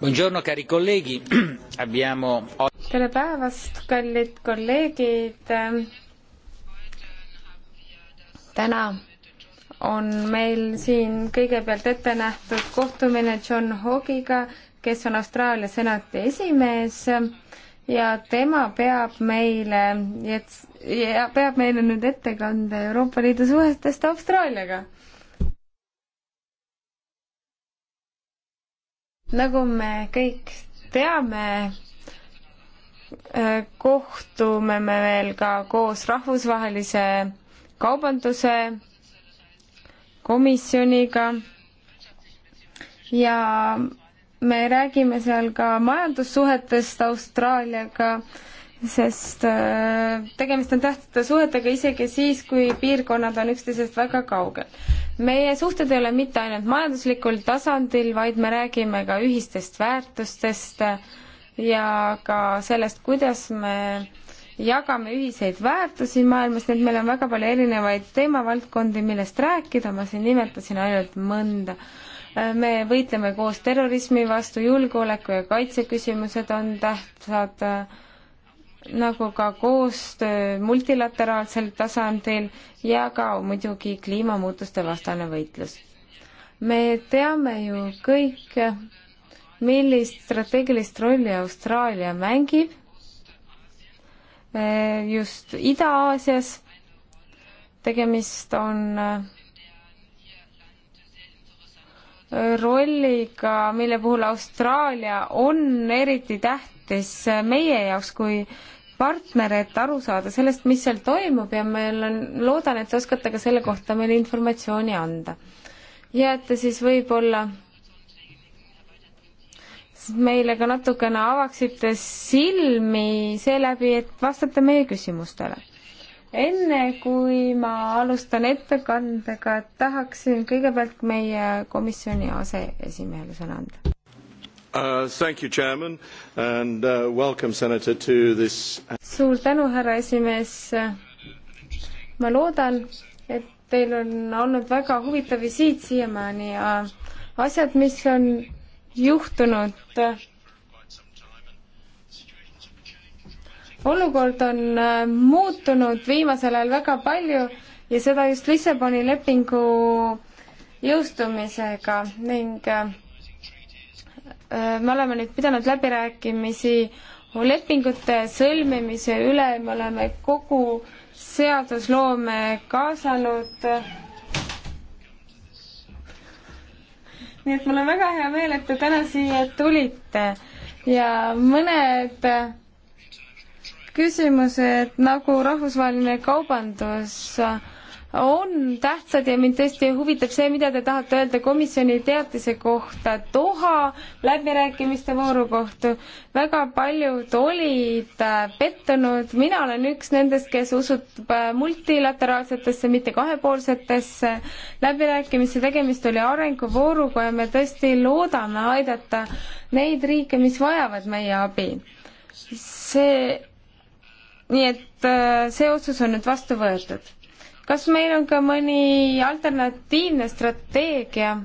Buongiorno cari colleghi, abbiamo... tere päevast, kallid kolleegid. täna on meil siin kõigepealt ette nähtud kohtumine John Hogiga, kes on Austraalia senati esimees ja tema peab meile, peab meile nüüd ettekande Euroopa Liidu suhetest Austraaliaga nagu me kõik teame, äh, kohtume me veel ka koos rahvusvahelise kaubanduse komisjoniga ja me räägime seal ka majandussuhetest Austraaliaga sest äh, tegemist on tähtsate suhetega isegi siis, kui piirkonnad on üksteisest väga kaugel. meie suhted ei ole mitte ainult majanduslikul tasandil, vaid me räägime ka ühistest väärtustest ja ka sellest, kuidas me jagame ühiseid väärtusi maailmas, nii et meil on väga palju erinevaid teemavaldkondi, millest rääkida, ma siin nimetasin ainult mõnda. Äh, me võitleme koos terrorismi vastu, julgeoleku ja kaitse küsimused on tähtsad äh, nagu ka koostöö multilateraalsel tasandil ja ka muidugi kliimamuutuste vastane võitlus. me teame ju kõik, millist strateegilist rolli Austraalia mängib eh, just Ida-Aasias. tegemist on eh, rolliga, mille puhul Austraalia on eriti tähtis meie jaoks kui partner, et aru saada sellest, mis seal toimub ja meil on, loodan, et te oskate ka selle kohta meile informatsiooni anda. ja et te siis võib-olla meile ka natukene avaksite silmi seeläbi, et vastate meie küsimustele enne kui ma alustan ettekandega, tahaksin kõigepealt meie komisjoni aseesimehele sõna anda. Uh, thank you, Chairman, and uh, welcome, Senator, to this. suur tänu, härra esimees. ma loodan, et teil on olnud väga huvitav visiit siiamaani ja asjad, mis on juhtunud olukord on äh, muutunud viimasel ajal väga palju ja seda just Lissaboni lepingu jõustumisega ning äh, äh, me oleme nüüd pidanud läbirääkimisi lepingute sõlmimise üle, me oleme kogu seadusloome kaasanud. nii et mul on väga hea meel, et te täna siia tulite ja mõned küsimused nagu rahvusvaheline kaubandus on tähtsad ja mind tõesti huvitab see, mida te tahate öelda komisjoni teatise kohta Doha läbirääkimiste vooru kohta. väga paljud olid pettunud, mina olen üks nendest, kes usub äh, multilateraalsetesse, mitte kahepoolsetesse läbirääkimisse, tegemist oli arenguvooruga ja me tõesti loodame aidata neid riike, mis vajavad meie abi. see nii et äh, see otsus on nüüd vastu võetud. kas meil on ka mõni alternatiivne strateegia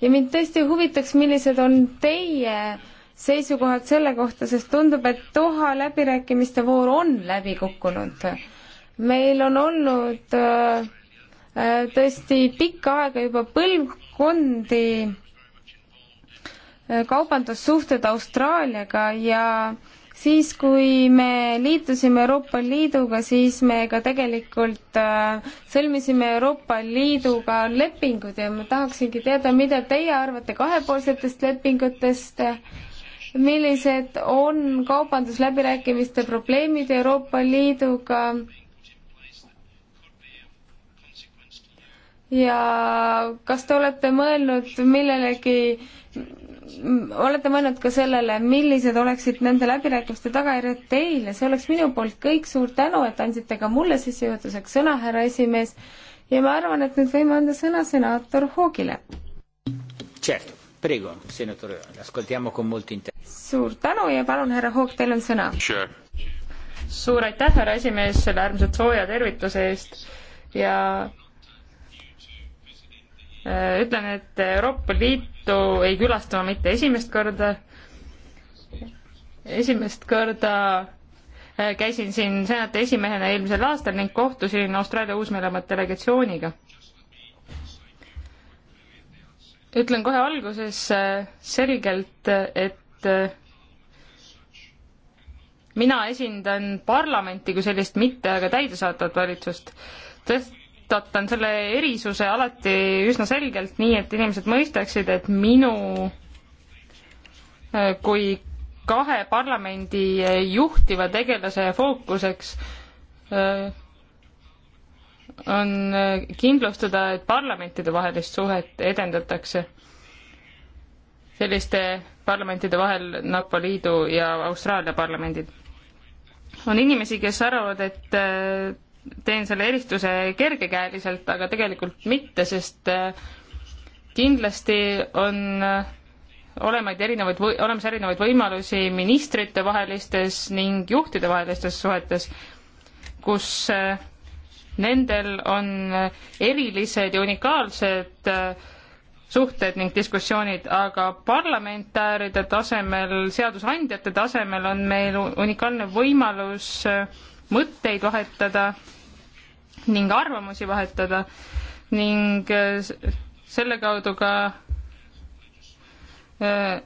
ja mind tõesti huvitaks, millised on teie seisukohad selle kohta, sest tundub, et Doha läbirääkimiste voor on läbi kukkunud. meil on olnud äh, äh, tõesti pikka aega juba põlvkondi kaubandussuhted Austraaliaga ja äh, siis, kui me liitusime Euroopa Liiduga, siis me ka tegelikult äh, sõlmisime Euroopa Liiduga lepingud ja ma tahaksingi teada, mida teie arvate kahepoolsetest lepingutest, millised on kaubandusläbirääkimiste probleemid Euroopa Liiduga ja kas te olete mõelnud millelegi äh, olete mõelnud ka sellele, millised oleksid nende läbirääkimiste tagajärjed teile, see oleks minu poolt kõik, suur tänu, et andsite ka mulle sissejuhatuseks sõna, härra esimees, ja ma arvan, et nüüd võime anda sõna senaator Hoogile. suur tänu ja palun, härra Hoog, teil on sõna sure.. suur aitäh, härra esimees, selle äärmiselt sooja tervituse eest ja äh, ütlen, et Euroopa Liit Liitu ei külasta ma mitte esimest korda. esimest korda äh, käisin siin senati esimehena eelmisel aastal ning kohtusin Austraalia Uus-Meremaa delegatsiooniga. ütlen kohe alguses äh, selgelt, et äh, mina esindan parlamenti kui sellist, mitte aga täidesaatvat valitsust. tõest-, toitan selle erisuse alati üsna selgelt, nii et inimesed mõistaksid, et minu äh, kui kahe parlamendi äh, juhtiva tegelase fookuseks äh, on kindlustada, et parlamentidevahelist suhet edendatakse selliste parlamentide vahel NATO Liidu ja Austraalia parlamendid. on inimesi, kes arvavad, et teen selle eristuse kergekäeliselt, aga tegelikult mitte, sest äh, kindlasti on äh, olemaid erinevaid, olemas erinevaid võimalusi ministritevahelistes ning juhtidevahelistes suhetes, kus äh, nendel on erilised ja unikaalsed suhted ning diskussioonid, aga parlamentääride tasemel, seadusandjate tasemel on meil unikaalne võimalus äh, mõtteid vahetada ning arvamusi vahetada ning äh, selle kaudu ka äh,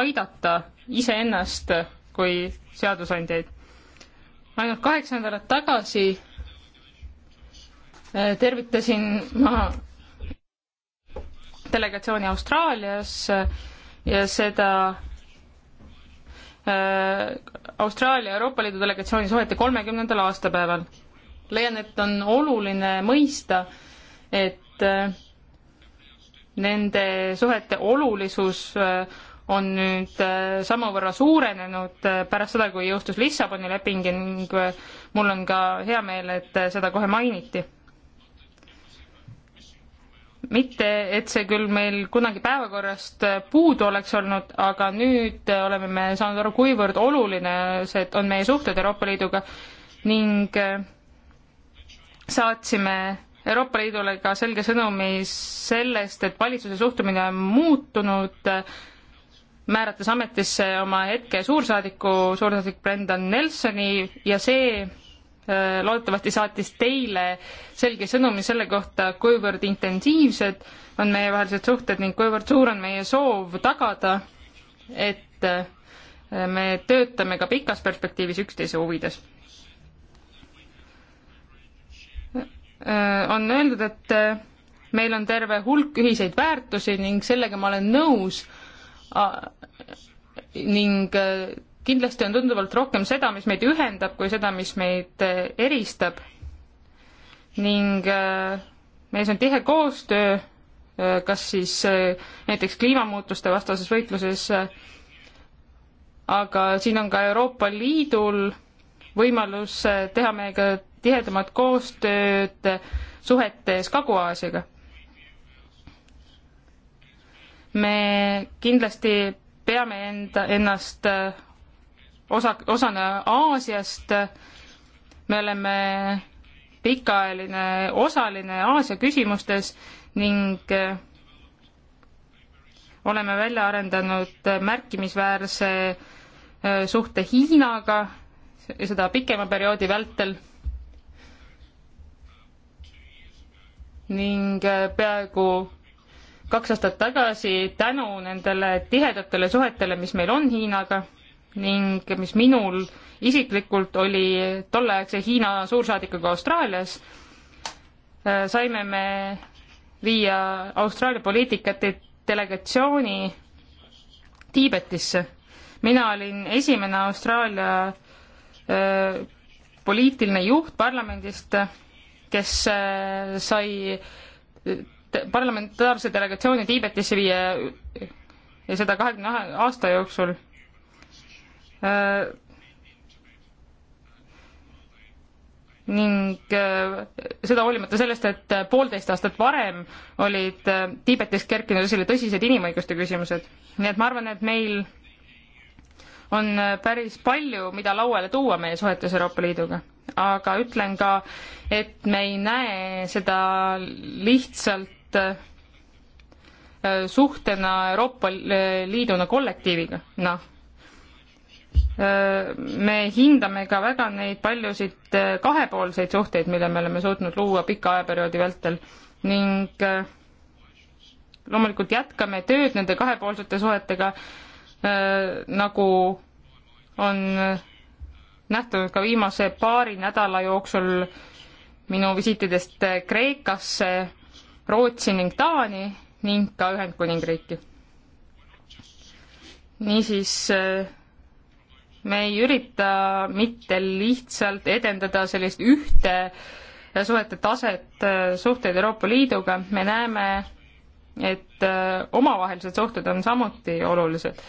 aidata iseennast kui seadusandjaid. ainult kaheksa nädalat tagasi äh, tervitasin ma delegatsiooni Austraalias ja seda Äh, Austraalia Euroopa Liidu delegatsiooni suhete kolmekümnendal aastapäeval. leian, et on oluline mõista, et äh, nende suhete olulisus äh, on nüüd samavõrra suurenenud pärast seda, kui jõustus Lissaboni leping ning mul on ka hea meel, et seda kohe mainiti mitte, et see küll meil kunagi päevakorrast puudu oleks olnud, aga nüüd oleme me saanud aru, kuivõrd oluline see on meie suhted Euroopa Liiduga ning äh, saatsime Euroopa Liidule ka selge sõnumi sellest, et valitsuse suhtumine on muutunud, äh, määrates ametisse oma hetke suursaadiku, suursaadik Brendan Nelsoni ja see Äh, loodetavasti saatis teile selge sõnumi selle kohta, kuivõrd intensiivsed on meievahelised suhted ning kuivõrd suur on meie soov tagada, et äh, me töötame ka pikas perspektiivis üksteise huvides. Äh, on öeldud, et meil on terve hulk ühiseid väärtusi ning sellega ma olen nõus ning kindlasti on tunduvalt rohkem seda, mis meid ühendab, kui seda, mis meid eh, eristab. ning eh, mees on tihe koostöö, eh, kas siis näiteks kliimamuutuste vastases võitluses, aga siin on ka Euroopa Liidul võimalus teha meiega tihedamat koostööd suhetes Kagu-Aasiaga. me kindlasti peame enda, ennast osa, osana Aasiast. me oleme pikaajaline osaline Aasia küsimustes ning eh, oleme välja arendanud märkimisväärse eh, suhte Hiinaga, seda pikema perioodi vältel. ning eh, peaaegu kaks aastat tagasi tänu nendele tihedatele suhetele, mis meil on Hiinaga ning mis minul isiklikult oli tolleaegse Hiina suursaadikuga Austraalias, äh, saime me viia Austraalia poliitikate delegatsiooni Tiibetisse. mina olin esimene Austraalia öö, äh, poliitiline juht parlamendist, kes öö, äh, sai parlamentaarse delegatsiooni Tiibetisse viia ja seda kahekümne aasta jooksul Äh, ning äh, seda hoolimata sellest, et äh, poolteist aastat varem olid Tiibetis kerkinud esile tõsised inimõiguste küsimused. nii et ma arvan, et meil on päris palju, mida lauale tuua meie suhetes Euroopa Liiduga. aga ütlen ka, et me ei näe seda lihtsalt suhtena Euroopa Liiduna kollektiiviga, noh me hindame ka väga neid paljusid kahepoolseid suhteid, mille me oleme suutnud luua pika ajaperioodi vältel ning loomulikult jätkame tööd nende kahepoolsete suhetega, nagu on nähtunud ka viimase paari nädala jooksul minu visiitidest Kreekasse, Rootsi ning Taani ning ka Ühendkuningriiki. niisiis me ei ürita mitte lihtsalt edendada sellist ühte suhete taset, äh, suhteid Euroopa Liiduga, me näeme, et äh, omavahelised suhted on samuti olulised.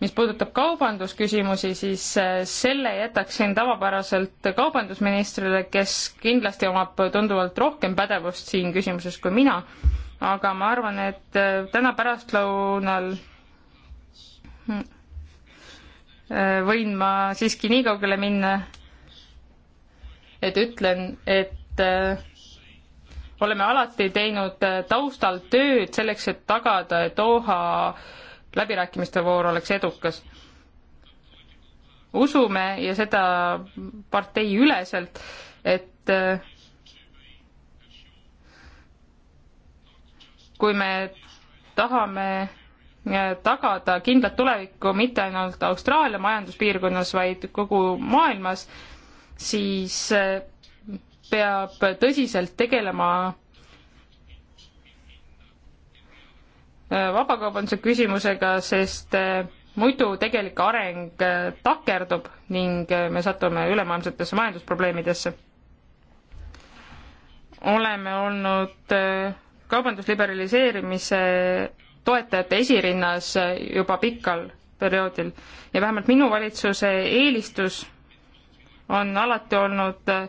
mis puudutab kaubandusküsimusi, siis äh, selle jätaksin tavapäraselt kaubandusministrile, kes kindlasti omab tunduvalt rohkem pädevust siin küsimuses kui mina, aga ma arvan, et täna pärastlõunal hmm, võin ma siiski nii kaugele minna, et ütlen, et äh, oleme alati teinud äh, taustal tööd selleks, et tagada, et Doha läbirääkimiste voor oleks edukas. usume ja seda parteiüleselt, et äh, kui me tahame tagada kindlat tulevikku mitte ainult Austraalia majanduspiirkonnas, vaid kogu maailmas, siis eh, peab tõsiselt tegelema eh, vabakaubanduse küsimusega, sest eh, muidu tegelik areng takerdub ning me satume ülemaailmsetesse majandusprobleemidesse. oleme olnud kaubandusliberaliseerimise toetajate esirinnas juba pikal perioodil ja vähemalt minu valitsuse eelistus on alati olnud äh,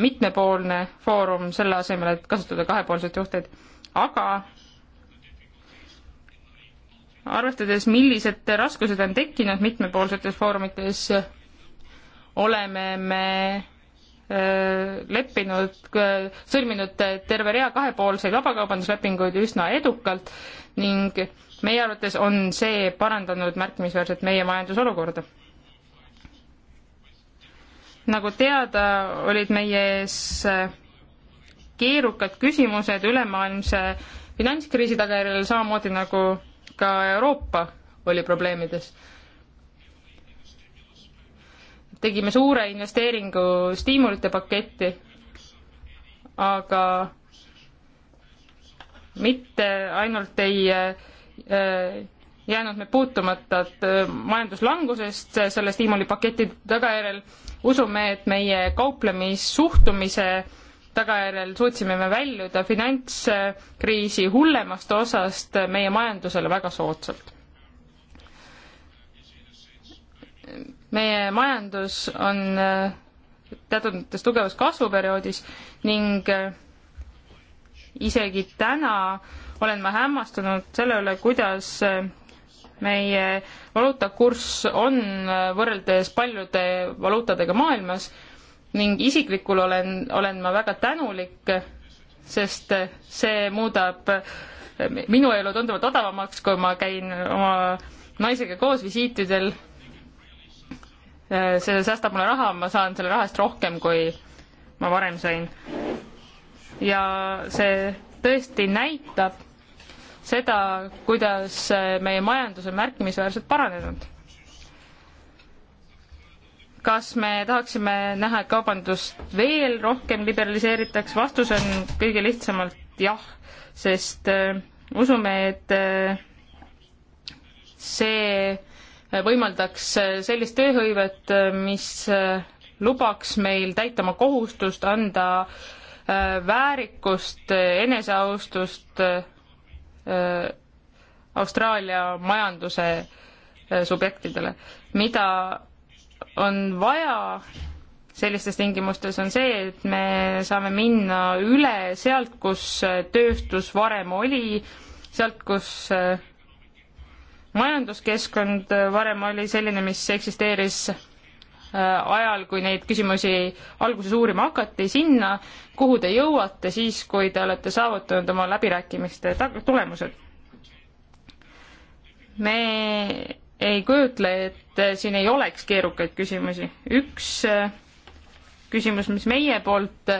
mitmepoolne foorum, selle asemel, et kasutada kahepoolseid suhteid. aga arvestades, millised raskused on tekkinud mitmepoolsetes foorumites, oleme me Äh, leppinud, äh, sõlminud terve rea kahepoolseid vabakaubanduslepinguid üsna edukalt ning meie arvates on see parandanud märkimisväärselt meie majandusolukorda. nagu teada, olid meie ees äh, keerukad küsimused ülemaailmse finantskriisi tagajärjel, samamoodi nagu ka Euroopa oli probleemides tegime suure investeeringu stiimulite paketti, aga mitte ainult ei äh, jäänud me puutumata äh, majanduslangusest selle stiimulipaketi tagajärjel, usume, et meie kauplemissuhtumise tagajärjel suutsime me väljuda finantskriisi hullemast osast meie majandusele väga soodsalt meie majandus on äh, teatud mõttes tugevas kasvuperioodis ning äh, isegi täna olen ma hämmastunud selle üle, kuidas äh, meie valuutakurss on võrreldes paljude valuutadega maailmas ning isiklikul olen, olen ma väga tänulik, sest see muudab minu elu tunduvalt odavamaks, kui ma käin oma naisega koos visiitidel Eh, see säästab mulle raha, ma saan selle raha eest rohkem, kui ma varem sain. ja see tõesti näitab seda, kuidas eh, meie majandus on märkimisväärselt paranenud. kas me tahaksime näha, et kaubandust veel rohkem liberaliseeritaks, vastus on kõige lihtsamalt jah, sest äh, usume, et äh, see äh, võimaldaks äh, sellist tööhõivet, äh, mis äh, lubaks meil täita oma kohustust, anda väärikust, eneseaustust Austraalia majanduse subjektidele. mida on vaja sellistes tingimustes, on see, et me saame minna üle sealt, kus tööstus varem oli, sealt, kus majanduskeskkond varem oli selline, mis eksisteeris äh, ajal, kui neid küsimusi alguses uurima hakati, sinna, kuhu te jõuate siis, kui te olete saavutanud oma läbirääkimiste tulemused. me ei kujutle, et äh, siin ei oleks keerukaid küsimusi. üks äh, küsimus, mis meie poolt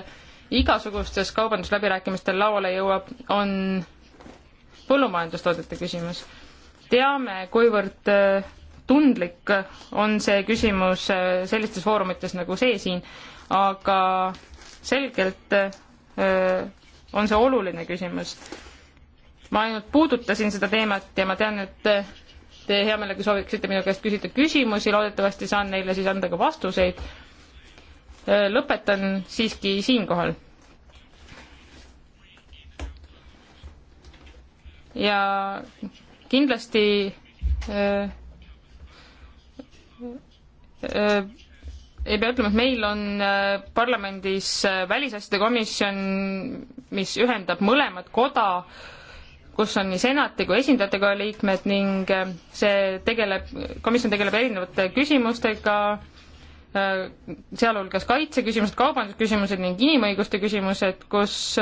igasugustes kaubandusläbirääkimistel lauale jõuab, on põllumajandustoodete küsimus teame, kuivõrd äh, tundlik on see küsimus äh, sellistes foorumites nagu see siin, aga selgelt äh, on see oluline küsimus. ma ainult puudutasin seda teemat ja ma tean, et te hea meelega sooviksite minu käest küsida küsimusi, loodetavasti saan neile siis anda ka vastuseid. lõpetan siiski siinkohal. ja kindlasti äh, äh, ei pea ütlema, et meil on äh, parlamendis äh, välisasjade komisjon, mis ühendab mõlemat koda, kus on nii senati kui esindajatekoja liikmed ning äh, see tegeleb, komisjon tegeleb erinevate küsimustega, sealhulgas kaitseküsimused, kaubandusküsimused ning inimõiguste küsimused, kus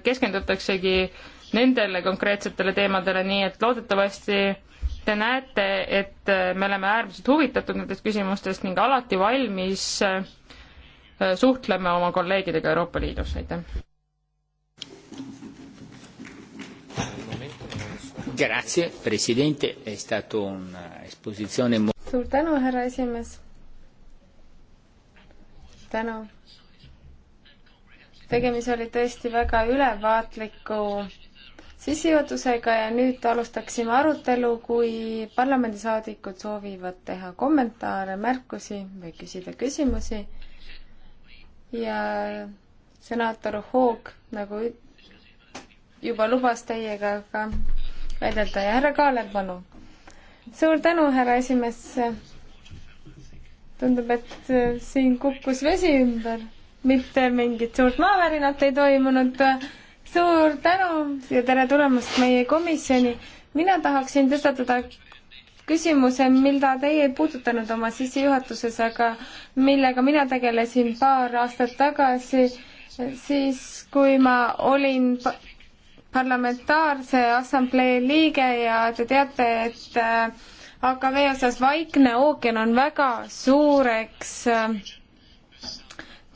keskendutaksegi nendele konkreetsetele teemadele, nii et loodetavasti te näete, et me oleme äärmiselt huvitatud nendest küsimustest ning alati valmis äh, suhtleme oma kolleegidega Euroopa Liidus, aitäh. Grazie, presidente, è stato un'esposizione suur tänu, härra esimees. tänu. tegemist oli tõesti väga ülevaatliku sissejuhatusega ja nüüd alustaksime arutelu, kui parlamendisaadikud soovivad teha kommentaare, märkusi või küsida küsimusi. ja senaator Hoog nagu juba lubas teiega ka väidelda ja härra Kaalep, palun. suur tänu, härra esimees. tundub, et siin kukkus vesi ümber, mitte mingit suurt maavärinat ei toimunud suur tänu ja tere tulemast meie komisjoni. mina tahaksin tõstatada küsimuse, mida teie ei puudutanud oma sissejuhatuses, aga millega mina tegelesin paar aastat tagasi, siis kui ma olin parlamentaarse assamblee liige ja te teate, et äh, AKV osas Vaikne ookean on väga suureks äh,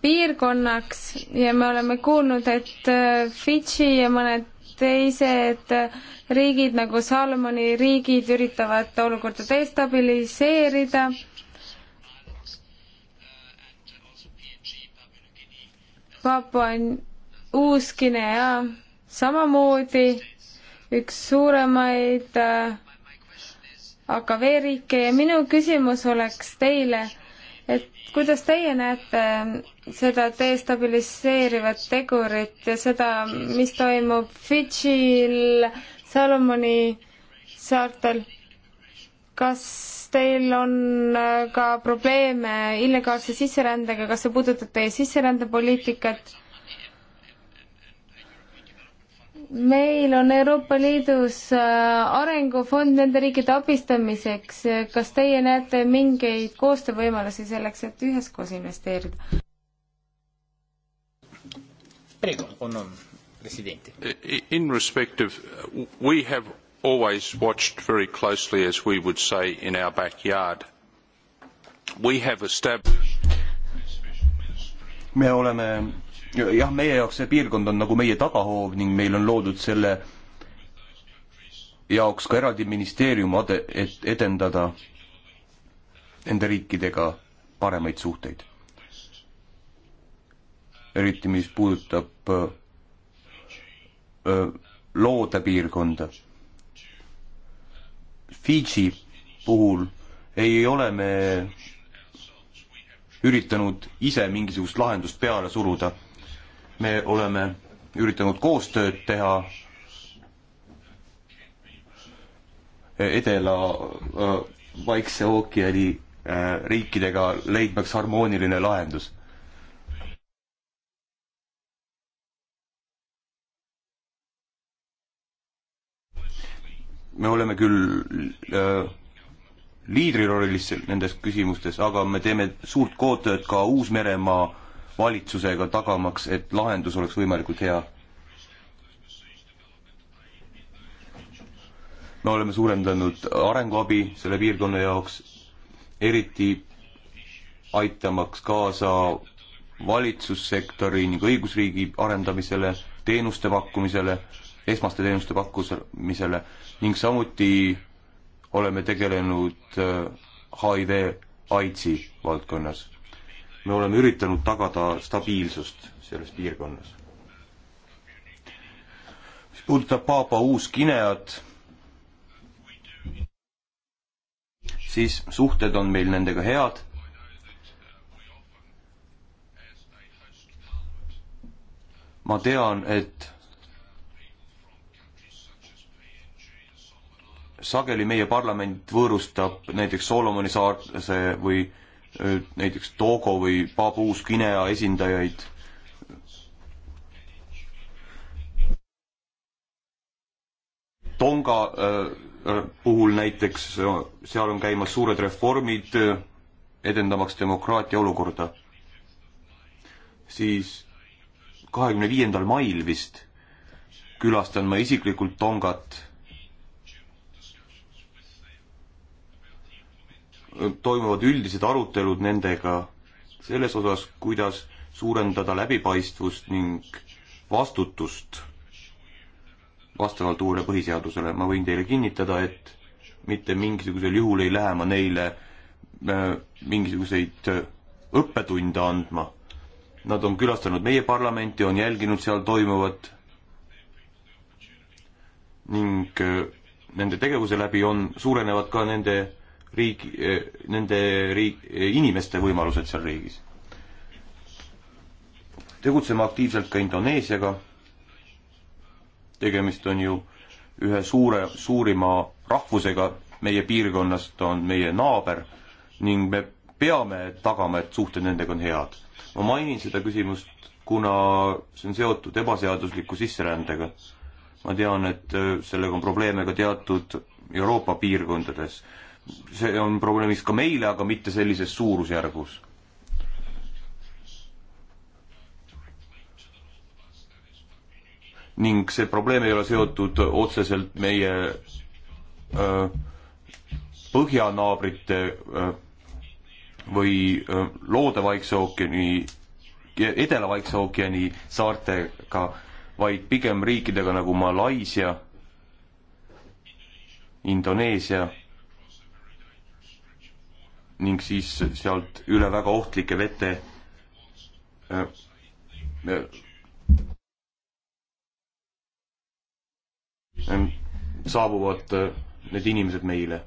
piirkonnaks ja me oleme kuulnud, et äh, Fidži ja mõned teised äh, riigid nagu Salomoni riigid üritavad olukorda destabiliseerida. Papua Uus-Guinea samamoodi üks suuremaid äh, AKV riike ja minu küsimus oleks teile et kuidas teie näete seda destabiliseerivat tegurit ja seda, mis toimub Fidžil, Salomoni saartel? kas teil on äh, ka probleeme illegaalse sisserändega, kas see puudutab teie sisserändepoliitikat? meil on Euroopa Liidus äh, arengufond nende riikide abistamiseks. kas teie näete mingeid koostöövõimalusi selleks, et üheskoos investeerida? In respective, we have always watched very closely, as we would say, in our backyard. We have established me oleme jah, meie jaoks see piirkond on nagu meie tagahoov ning meil on loodud selle jaoks ka eraldi ministeerium, et edendada nende riikidega paremaid suhteid. eriti, mis puudutab öö, loode piirkonda. Fidži puhul ei ole me üritanud ise mingisugust lahendust peale suruda me oleme üritanud koostööd teha eh, Edela eh, Vaikse ookeani eh, riikidega, leidmaks harmooniline lahendus. me oleme küll äh, liidrirollis nendes küsimustes, aga me teeme suurt koostööd ka Uus-Meremaa äh, valitsusega, tagamaks, et lahendus oleks võimalikult hea. me oleme suurendanud arenguabi selle piirkonna jaoks, eriti aitamaks kaasa valitsussektori ning õigusriigi arendamisele, teenuste pakkumisele, esmaste teenuste pakkumisele ning samuti oleme tegelenud HIV, äh, AIDSi valdkonnas me oleme üritanud tagada stabiilsust selles piirkonnas. mis puudutab Paapa Uus-Guineat, siis suhted on meil nendega head. ma tean, et sageli meie parlament võõrustab näiteks Solomoni saarte või äh, näiteks Togo või Pabuus-Guinea esindajaid. Tonga puhul näiteks, seal on käimas suured reformid, edendamaks demokraatia olukorda. siis kahekümne viiendal mail vist külastan ma isiklikult Tongat toimuvad üldised arutelud nendega selles osas, kuidas suurendada läbipaistvust ning vastutust vastavalt uuele põhiseadusele. ma võin teile kinnitada, et mitte mingisugusel juhul ei lähe ma neile äh, mingisuguseid äh, õppetunde andma. Nad on külastanud meie parlamenti, on jälginud seal toimuvat ning äh, nende tegevuse läbi on, suurenevad ka nende riigi, eh, nende riik, eh, inimeste võimalused seal riigis. tegutseme aktiivselt ka Indoneesiaga, tegemist on ju ühe suure, suurima rahvusega meie piirkonnas, ta on meie naaber ning me peame tagama, et suhted nendega on head. ma mainin seda küsimust, kuna see on seotud ebaseadusliku sisserändega. ma tean, et eh, sellega on probleeme ka teatud Euroopa piirkondades see on probleemiks ka meile, aga mitte sellises suurusjärgus. ning see probleem ei ole seotud otseselt meie öö, põhjanaabrite öö, või öö, Loode Vaikse ookeani, Edela Vaikse ookeani saartega, vaid pigem riikidega nagu Malaisia, Indoneesia ning siis sealt üle väga ohtlike vete äh, äh, ähm, saabuvad äh, need inimesed meile.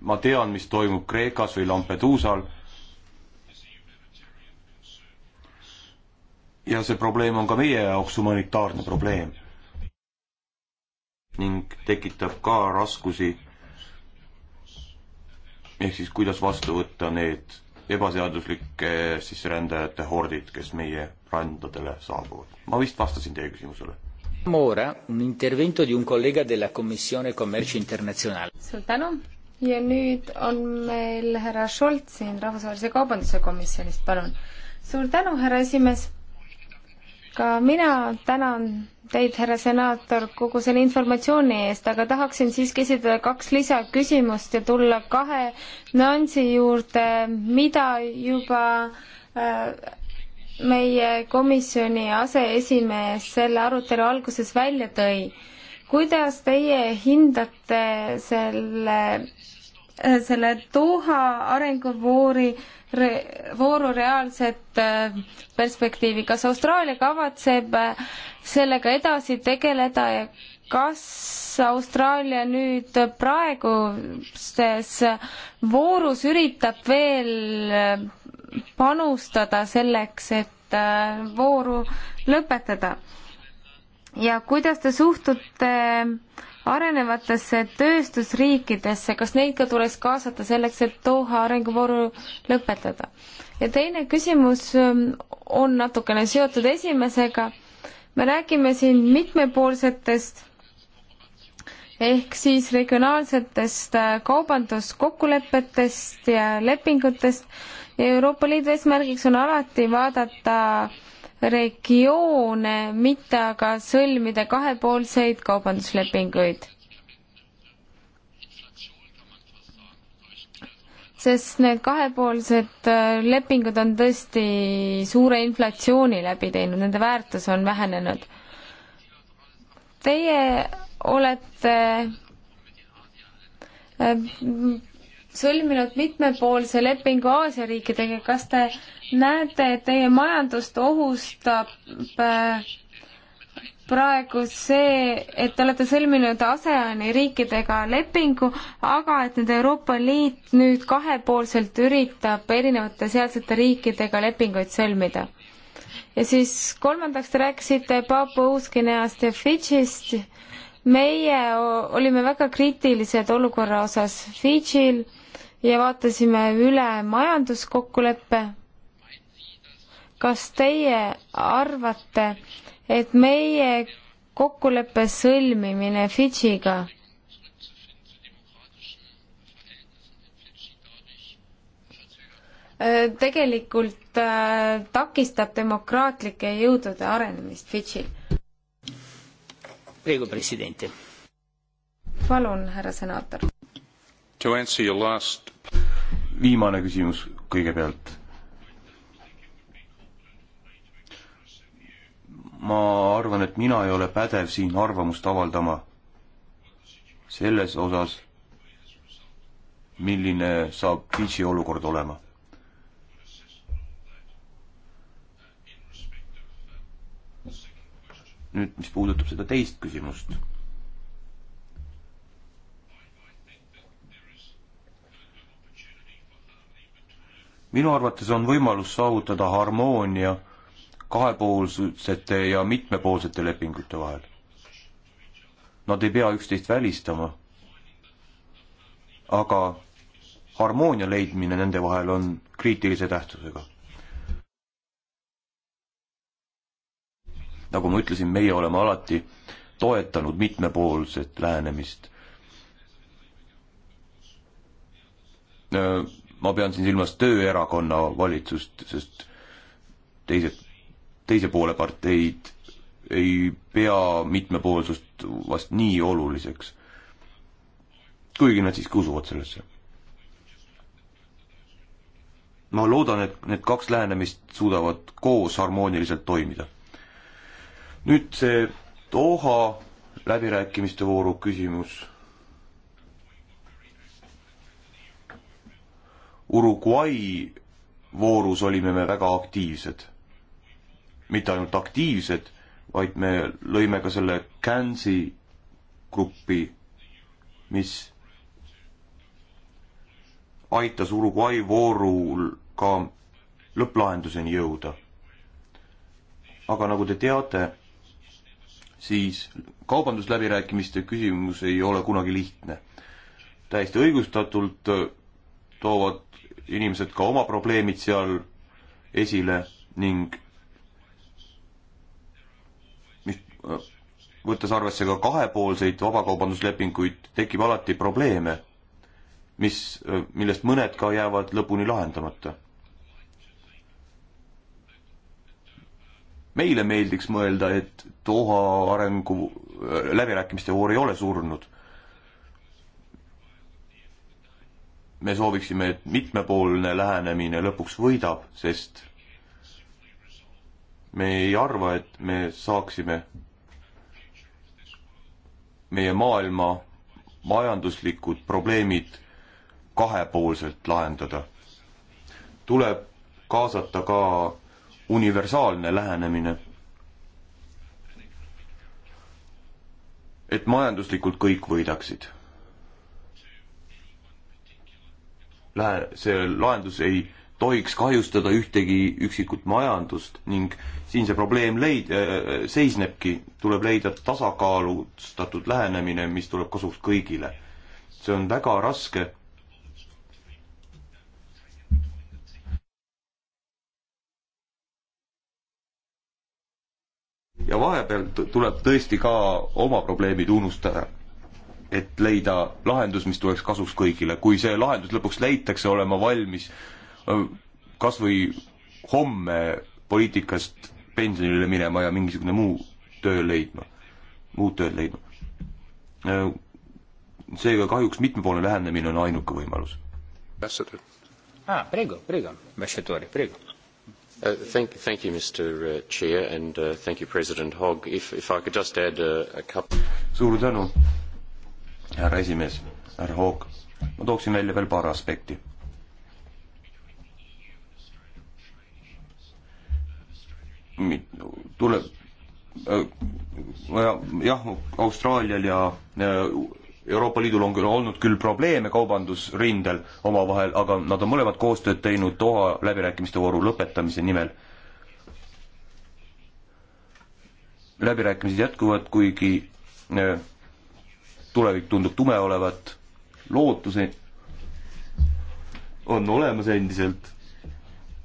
ma tean, mis toimub Kreekas või Lampeduusal. ja see probleem on ka meie jaoks humanitaarne probleem. ning tekitab ka raskusi ehk siis kuidas vastu võtta need ebaseaduslike sisserändajate hordid, kes meie randadele saabuvad. ma vist vastasin teie küsimusele. Ora un intervento di un collega della Commissione Commercio Internazionale. suur tänu ja nüüd on meil härra Scholz siin Rahvusvahelise Kaubanduse Komisjonist, palun. suur tänu, härra esimees ka mina tänan teid, härra senaator, kogu selle informatsiooni eest, aga tahaksin siiski esitada kaks lisaküsimust ja tulla kahe nüansi juurde, mida juba äh, meie komisjoni aseesimees selle arutelu alguses välja tõi. kuidas teie hindate selle selle Doha arenguvoori re,, vooru reaalset äh, perspektiivi, kas Austraalia kavatseb äh, sellega edasi tegeleda ja kas Austraalia nüüd praeguses voorus üritab veel äh, panustada selleks, et vooru lõpetada? ja kuidas te suhtute äh, arenevatesse tööstusriikidesse, kas neid ka tuleks kaasata selleks, et Doha arenguvooru lõpetada? ja teine küsimus ähm, on natukene seotud esimesega. me räägime siin mitmepoolsetest ehk siis regionaalsetest äh, kaubanduskokkulepetest ja lepingutest ja Euroopa Liidu eesmärgiks on alati vaadata äh, regioone, mitte aga sõlmida kahepoolseid kaubanduslepinguid. sest need kahepoolsed äh, lepingud on tõesti suure inflatsiooni läbi teinud, nende väärtus on vähenenud. Teie olete äh, sõlminud mitmepoolse lepingu Aasia riikidega, kas te näete, et teie majandust ohustab äh, praegu see, et te olete sõlminud ASEAN-i riikidega lepingu, aga et nüüd Euroopa Liit nüüd kahepoolselt üritab erinevate sealsete riikidega lepinguid sõlmida? ja siis kolmandaks te rääkisite Papua-Uus-Guineast ja Fidžist meie olime väga kriitilised olukorra osas Fidžil ja vaatasime üle majanduskokkuleppe. kas teie arvate, et meie kokkuleppe sõlmimine Fidžiga tegelikult äh, takistab demokraatlike jõudude arenemist Fidžil. palun, härra senaator Last... viimane küsimus kõigepealt. ma arvan, et mina ei ole pädev siin arvamust avaldama selles osas, milline saab Fidži olukord olema nüüd, mis puudutab seda teist küsimust. minu arvates on võimalus saavutada harmoonia kahepoolsete ja mitmepoolsete lepingute vahel. Nad ei pea üksteist välistama, aga harmoonia leidmine nende vahel on kriitilise tähtsusega. nagu ma ütlesin, meie oleme alati toetanud mitmepoolset lähenemist äh, ma pean siin silmas tööerakonna valitsust, sest teised, teise poole parteid ei pea mitmepoolsust vast nii oluliseks. kuigi nad siiski usuvad sellesse. ma loodan, et need kaks lähenemist suudavad koos harmooniliselt toimida. nüüd see Doha läbirääkimiste vooru küsimus Uruguay voorus olime me väga aktiivsed. mitte ainult aktiivsed, vaid me lõime ka selle Cansi gruppi, mis aitas Uruguay voorul ka lõpplahenduseni jõuda. aga nagu te teate, siis kaubandusläbirääkimiste küsimus ei ole kunagi lihtne. täiesti õigustatult toovad inimesed ka oma probleemid seal esile ning mis, võttes arvesse ka kahepoolseid vabakaubanduslepinguid, tekib alati probleeme, mis, millest mõned ka jäävad lõpuni lahendamata. meile meeldiks mõelda, et Doha arengu läbirääkimiste voor ei ole surnud me sooviksime, et mitmepoolne lähenemine lõpuks võidab, sest me ei arva, et me saaksime meie maailma majanduslikud probleemid kahepoolselt lahendada. tuleb kaasata ka universaalne lähenemine. et majanduslikult kõik võidaksid lähe, see lahendus ei tohiks kahjustada ühtegi üksikut majandust ning siin see probleem leid- äh,, äh seisnebki, tuleb leida tasakaalustatud lähenemine, mis tuleb kasuks kõigile. see on väga raske. ja vahepeal tuleb tõesti ka oma probleemid unustada et leida lahendus, mis tuleks kasuks kõigile. kui see lahendus lõpuks leitakse, olen ma valmis kas või homme poliitikast pensionile minema ja mingisugune muu töö leidma, muud tööd leidma. seega kahjuks mitmepoolne lähenemine on ainuke võimalus. Ah, prego, prego, ambasciatore, prego. Uh, thank, thank you, Mr. Uh, Chair, and uh, thank you, President Hogg. If, if I could just add uh, a couple. Suur tänu, härra esimees, härra Hoog, ma tooksin välja veel paar aspekti. tuleb äh, jah, Austraalial ja äh, Euroopa Liidul on küll olnud küll probleeme kaubandusrindel omavahel, aga nad on mõlemad koostööd teinud Doha läbirääkimiste vooru lõpetamise nimel. läbirääkimised jätkuvad, kuigi äh, tulevik tundub tume olevat, lootusi on olemas endiselt.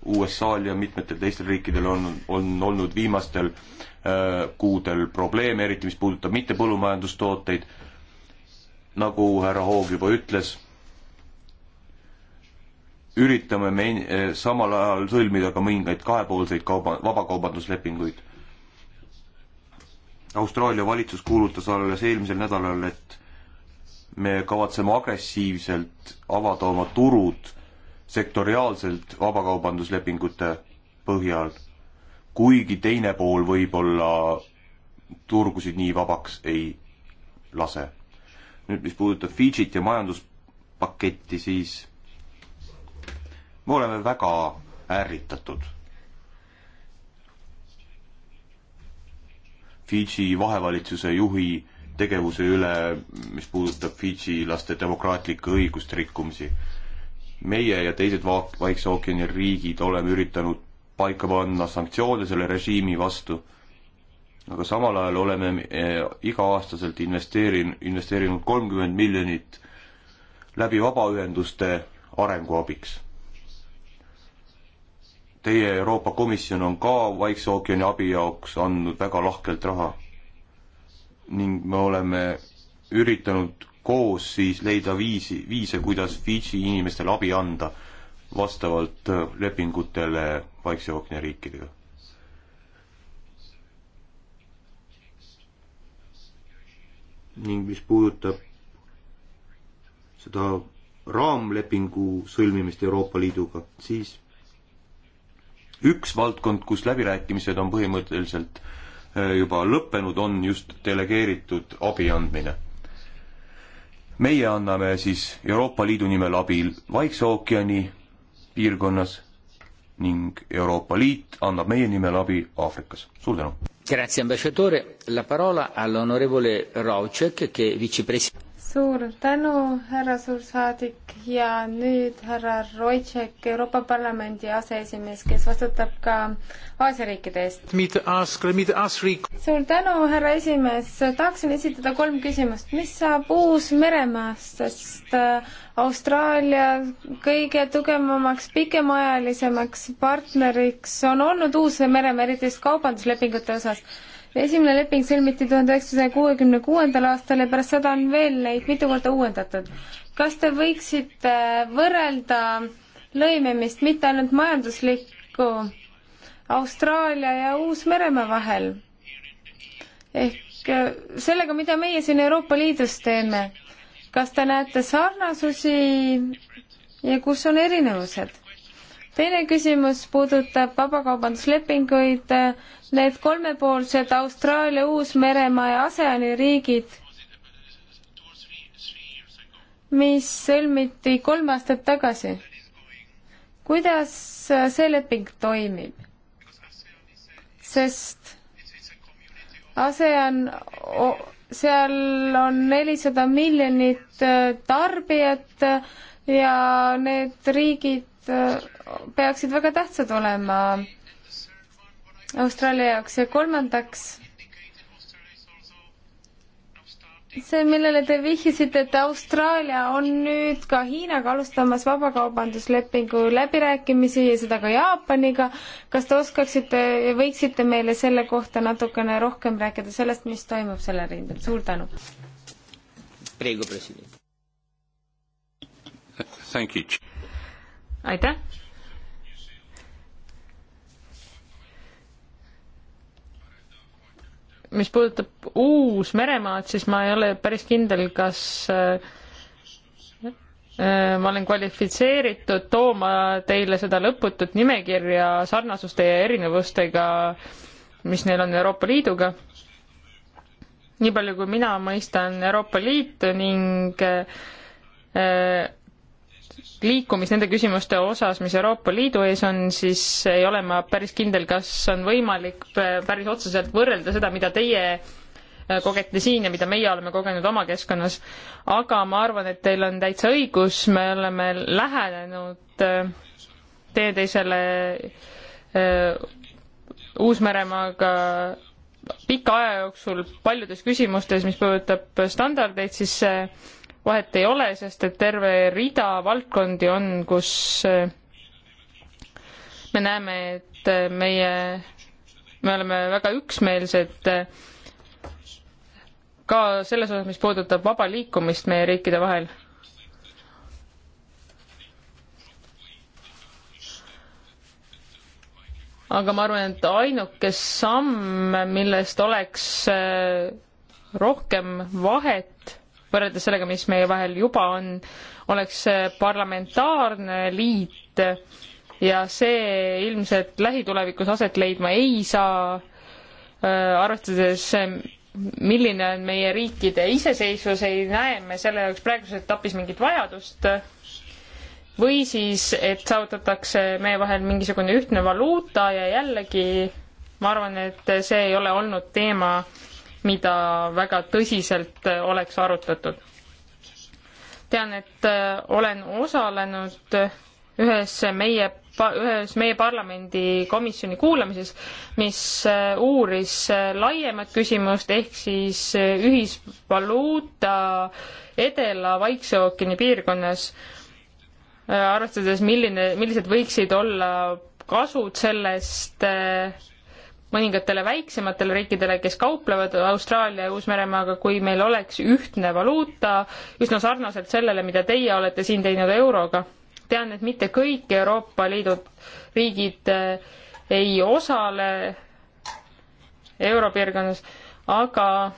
USA-l ja mitmetel teistel riikidel on, on olnud viimastel äh, kuudel probleeme, eriti mis puudutab mittepõllumajandustooteid. nagu härra Hoog juba ütles, üritame me äh, samal ajal sõlmida ka mõningaid kahepoolseid kauba, vabakaubanduslepinguid Austraalia valitsus kuulutas alles eelmisel nädalal, et me kavatseme agressiivselt avada oma turud sektoriaalselt vabakaubanduslepingute põhjal, kuigi teine pool võib-olla turgusid nii vabaks ei lase. nüüd, mis puudutab Fidžit ja majanduspaketti, siis me oleme väga ärritatud Fidži vahevalitsuse juhi tegevuse üle, mis puudutab Fidži laste demokraatlike õiguste rikkumisi. meie ja teised Vaak-, Vaikse ookeani riigid oleme üritanud paika panna sanktsioone selle režiimi vastu, aga samal ajal oleme eh, iga-aastaselt investeerin-, investeerinud kolmkümmend miljonit läbi vabaühenduste arenguabiks Teie Euroopa Komisjon on ka Vaikse ookeani abi jaoks andnud väga lahkelt raha ning me oleme üritanud koos siis leida viisi, viise, kuidas Fidži inimestele abi anda vastavalt äh, lepingutele Vaikse ookeani riikidega. ning mis puudutab seda raamlepingu sõlmimist Euroopa Liiduga, siis üks valdkond, kus läbirääkimised on põhimõtteliselt äh, juba lõppenud, on just delegeeritud abi andmine. meie anname siis Euroopa Liidu nimel abi Vaikse ookeani piirkonnas ning Euroopa Liit annab meie nimel abi Aafrikas. suur tänu! Grazie ambasciatore, la parola all'onorevole Raucek che vicepresidente suur tänu, härra suursaadik ja nüüd härra Roitšek, Euroopa Parlamendi aseesimees, kes vastutab ka Aasia riikide eest. suur tänu, härra esimees, tahaksin esitada kolm küsimust. mis saab Uus-Meremaast, sest Austraalia kõige tugevamaks, pikemaajalisemaks partneriks on olnud Uus-Meremaa, eriti just kaubanduslepingute osas esimene leping sõlmiti tuhande üheksasaja kuuekümne kuuendal aastal ja pärast seda on veel neid mitu korda uuendatud. kas te võiksite võrrelda lõimimist mitte ainult majanduslikku Austraalia ja Uus-Meremaa vahel? ehk äh, sellega, mida meie siin Euroopa Liidus teeme. kas te näete sarnasusi ja kus on erinevused? teine küsimus puudutab vabakaubanduslepinguid. Need kolmepoolsed Austraalia, Uus-Meremaa ja ASEAN-i riigid, mis sõlmiti kolm aastat tagasi. kuidas see leping toimib? sest ASEAN, seal on nelisada miljonit tarbijat ja need riigid Äh, peaksid väga tähtsad olema Austraalia jaoks ja kolmandaks see, millele te vihjasite, et Austraalia on nüüd ka Hiinaga alustamas vabakaubanduslepingu läbirääkimisi ja seda ka Jaapaniga. kas te oskaksite ja võiksite meile selle kohta natukene rohkem rääkida sellest, mis toimub sellel rindel? suur tänu. Thank you aitäh. mis puudutab Uus-Meremaad, siis ma ei ole päris kindel, kas äh, äh, ma olen kvalifitseeritud tooma teile seda lõputut nimekirja sarnasuste ja erinevustega, mis neil on Euroopa Liiduga. nii palju, kui mina mõistan Euroopa Liitu ning äh, liikumist nende küsimuste osas, mis Euroopa Liidu ees on, siis ei ole ma päris kindel, kas on võimalik päris otseselt võrrelda seda, mida teie äh, kogete siin ja mida meie oleme kogenud oma keskkonnas. aga ma arvan, et teil on täitsa õigus, me oleme lähenenud äh, teineteisele äh, Uus-Meremaaga pika aja jooksul paljudes küsimustes, mis puudutab standardeid, siis see vahet ei ole, sest et terve rida valdkondi on, kus eh, me näeme, et eh, meie, me oleme väga üksmeelsed eh, ka selles osas, mis puudutab vaba liikumist meie riikide vahel. aga ma arvan, et ainuke samm, millest oleks rohkem vahet, võrreldes sellega, mis meie vahel juba on, oleks parlamentaarne liit ja see ilmselt lähitulevikus aset leidma ei saa, äh, arvestades milline on meie riikide iseseisvus, ei näe me selle jaoks praeguses etapis mingit vajadust, või siis, et saavutatakse meie vahel mingisugune ühtne valuuta ja jällegi ma arvan, et see ei ole olnud teema, mida väga tõsiselt äh, oleks arutatud. tean, et äh, olen osalenud ühes meie, ühes meie parlamendi komisjoni kuulamises, mis äh, uuris laiemat küsimust ehk siis ühisvaluuta Edela Vaikse ookeani piirkonnas, arvestades, milline, millised võiksid olla kasud sellest äh, mõningatele väiksematele riikidele, kes kauplevad Austraalia ja Uus-Meremaaga, kui meil oleks ühtne valuuta üsna sarnaselt sellele, mida teie olete siin teinud euroga. tean, et mitte kõik Euroopa Liidu riigid eh, ei osale europiirkonnas, aga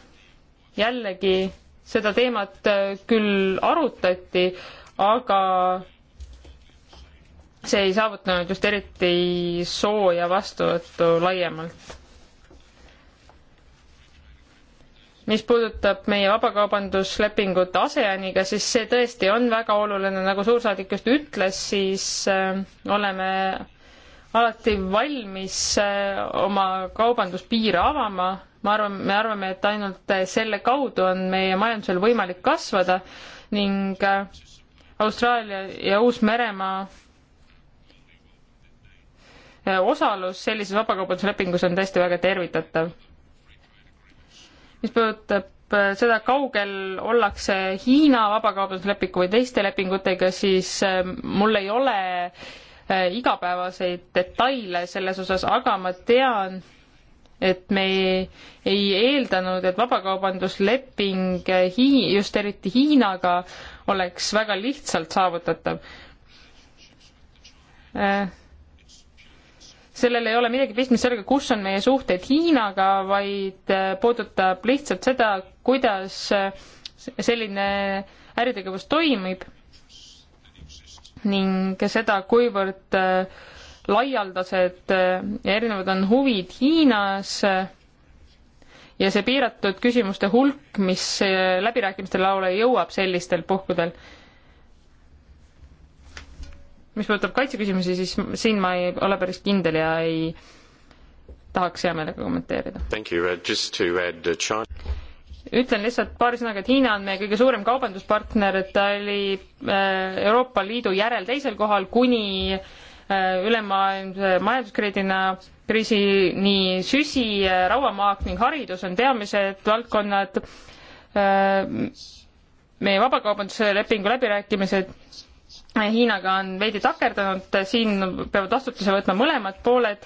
jällegi seda teemat eh, küll arutati, aga see ei saavutanud just eriti sooja vastuvõttu laiemalt. mis puudutab meie vabakaubanduslepingut ASEANiga, siis see tõesti on väga oluline, nagu suursaadik just ütles, siis äh, oleme alati valmis äh, oma kaubanduspiire avama, ma arvan, me arvame, et ainult äh, selle kaudu on meie majandusel võimalik kasvada ning äh, Austraalia ja Uus-Meremaa osalus sellises vabakaubanduslepingus on tõesti väga tervitatav. mis puudutab äh, seda, kaugel ollakse Hiina vabakaubanduslepingu või teiste lepingutega, siis äh, mul ei ole äh, igapäevaseid detaile selles osas, aga ma tean, et me ei eeldanud, et vabakaubandusleping Hii-, just eriti Hiinaga oleks väga lihtsalt saavutatav sellel ei ole midagi pistmist sellega, kus on meie suhted Hiinaga, vaid äh, puudutab lihtsalt seda, kuidas äh, selline äritegevus toimib ning seda, kuivõrd äh, laialdased ja erinevad on huvid Hiinas ja see piiratud küsimuste hulk, mis läbirääkimiste lauale jõuab sellistel puhkudel mis puudutab kaitseküsimusi, siis siin ma ei ole päris kindel ja ei tahaks hea meelega kommenteerida. ütlen lihtsalt paari sõnaga, et Hiina on meie kõige suurem kaubanduspartner, et ta oli äh, Euroopa Liidu järel teisel kohal kuni äh, ülemaailmse majanduskriisina kriisi nii süsi, äh, rauamaak ning haridus on peamised valdkonnad meie vabakaubanduse lepingu läbirääkimised Hiinaga on veidi takerdunud, siin peavad vastutuse võtma mõlemad pooled,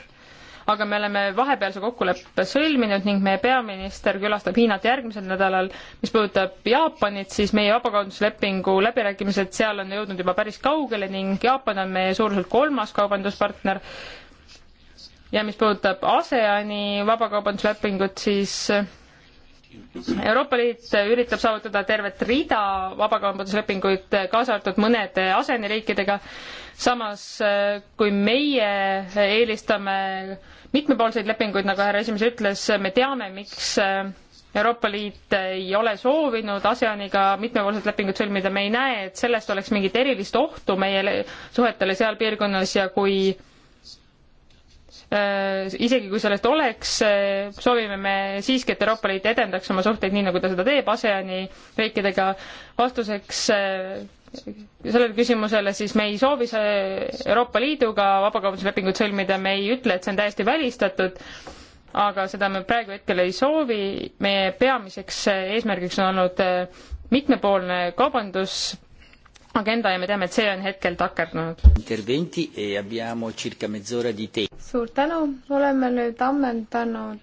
aga me oleme vahepealse kokkuleppe sõlminud ning meie peaminister külastab Hiinat järgmisel nädalal. mis puudutab Jaapanit, siis meie vabakaubanduslepingu läbirääkimised seal on jõudnud juba päris kaugele ning Jaapan on meie suuruselt kolmas kaubanduspartner. ja mis puudutab ASEAN-i vabakaubanduslepingut, siis Euroopa Liit üritab saavutada tervet rida vabakaubanduslepinguid, kaasa arvatud mõnede aseneriikidega, samas kui meie eelistame mitmepoolseid lepinguid, nagu härra esimees ütles, me teame, miks Euroopa Liit ei ole soovinud ASEANiga mitmepoolset lepingut sõlmida, me ei näe, et sellest oleks mingit erilist ohtu meie suhetele seal piirkonnas ja kui Äh, isegi kui sellest oleks, äh, soovime me siiski, et Euroopa Liit edendaks oma suhteid nii, nagu ta seda teeb ASEAN-i riikidega. vastuseks äh, sellele küsimusele siis me ei soovi Euroopa Liiduga vabakaubanduslepingut sõlmida, me ei ütle, et see on täiesti välistatud, aga seda me praegu hetkel ei soovi, meie peamiseks eesmärgiks on olnud mitmepoolne kaubandus agenda ja me teame, et see on hetkel takerdunud. interventi e abbiamo circa mezz'ora di te-. suur tänu, oleme nüüd ammendanud.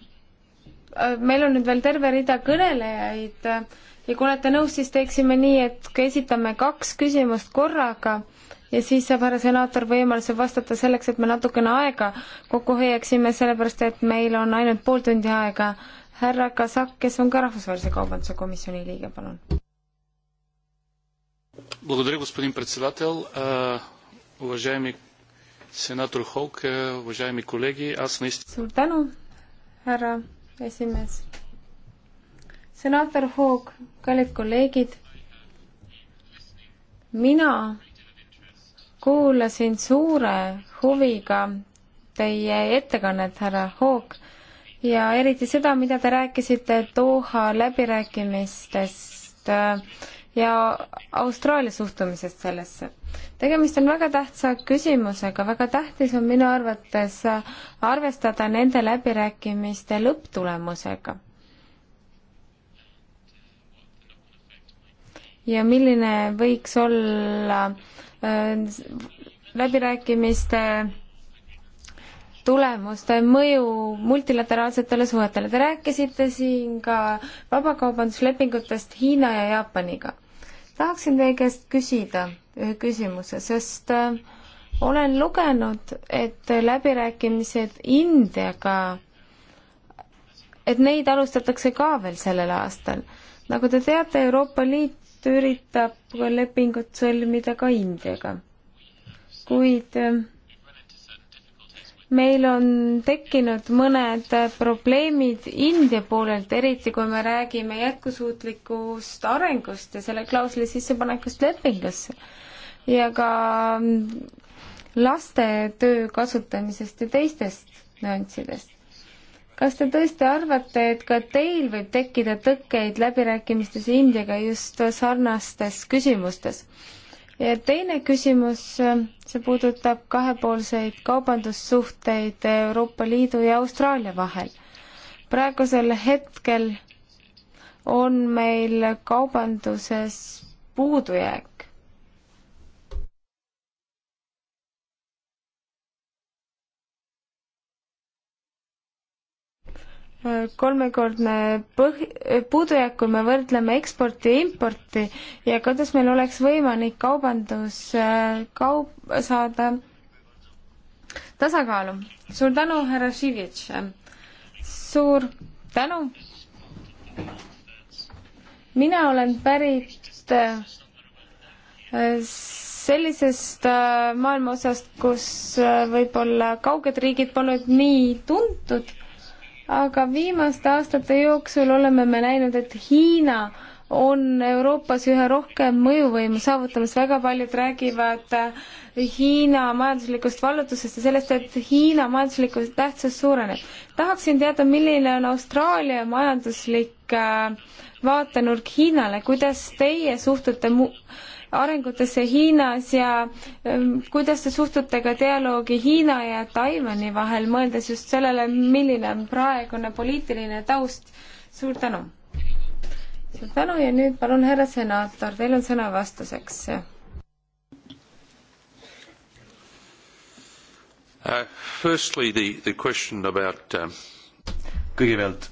Äh, meil on nüüd veel terve rida kõnelejaid äh, ja kui olete nõus, siis teeksime nii, et esitame kaks küsimust korraga ja siis saab härra senaator võimaluse vastata selleks, et me natukene aega kokku hoiaksime, sellepärast et meil on ainult pool tundi aega. härra Kasak, kes on ka Rahvusvahelise Kaubanduse Komisjoni liige, palun Благодаря, господин председател. Уважаеми сенатор Холк, уважаеми колеги, аз наистина... Suur tänu, härra esimees. Senaator Hoog, kallid kolleegid, mina kuulasin suure huviga teie ettekannet, härra Hoog, ja eriti seda, mida te rääkisite Doha läbirääkimistest äh, ja Austraalia suhtumisest sellesse. tegemist on väga tähtsa küsimusega, väga tähtis on minu arvates arvestada nende läbirääkimiste lõpptulemusega. ja milline võiks olla äh, läbirääkimiste tulemuste mõju multilateraalsetele suhetele. Te rääkisite siin ka vabakaubanduslepingutest Hiina ja Jaapaniga tahaksin teie käest küsida ühe küsimuse, sest äh, olen lugenud, et läbirääkimised Indiaga, et neid alustatakse ka veel sellel aastal. nagu te teate, Euroopa Liit üritab lepingut sõlmida ka Indiaga. kuid äh, meil on tekkinud mõned probleemid India poolelt, eriti kui me räägime jätkusuutlikust arengust ja selle klausli sissepanekust lepingusse ja ka laste töö kasutamisest ja teistest nüanssidest. kas te tõesti arvate, et ka teil võib tekkida tõkkeid läbirääkimistes Indiaga just sarnastes küsimustes? ja teine küsimus, see puudutab kahepoolseid kaubandussuhteid Euroopa Liidu ja Austraalia vahel. praegusel hetkel on meil kaubanduses puudujääk kolmekordne põh-, puudujääk, kui me võrdleme eksporti ja importi ja kuidas meil oleks võimalik kaubandus äh, kaup-, saada tasakaalu. suur tänu, härra Živitš. suur tänu. mina olen pärit äh, sellisest äh, maailma osast, kus võib-olla kauged riigid polnud nii tuntud aga viimaste aastate jooksul oleme me näinud, et Hiina on Euroopas üha rohkem mõjuvõimu saavutamas, väga paljud räägivad Hiina majanduslikust vallutusest ja sellest, et Hiina majanduslikku tähtsus suureneb. tahaksin teada, milline on Austraalia majanduslik äh, vaatenurk Hiinale, kuidas teie suhtute mu-, arengutesse Hiinas ja ähm, kuidas te suhtute ka dialoogi Hiina ja Taiwan'i vahel, mõeldes just sellele, milline on praegune poliitiline taust. suur tänu! suur tänu ja nüüd palun, härra senaator, teil on sõna vastuseks uh,. Firstly the, the question about uh... kõigepealt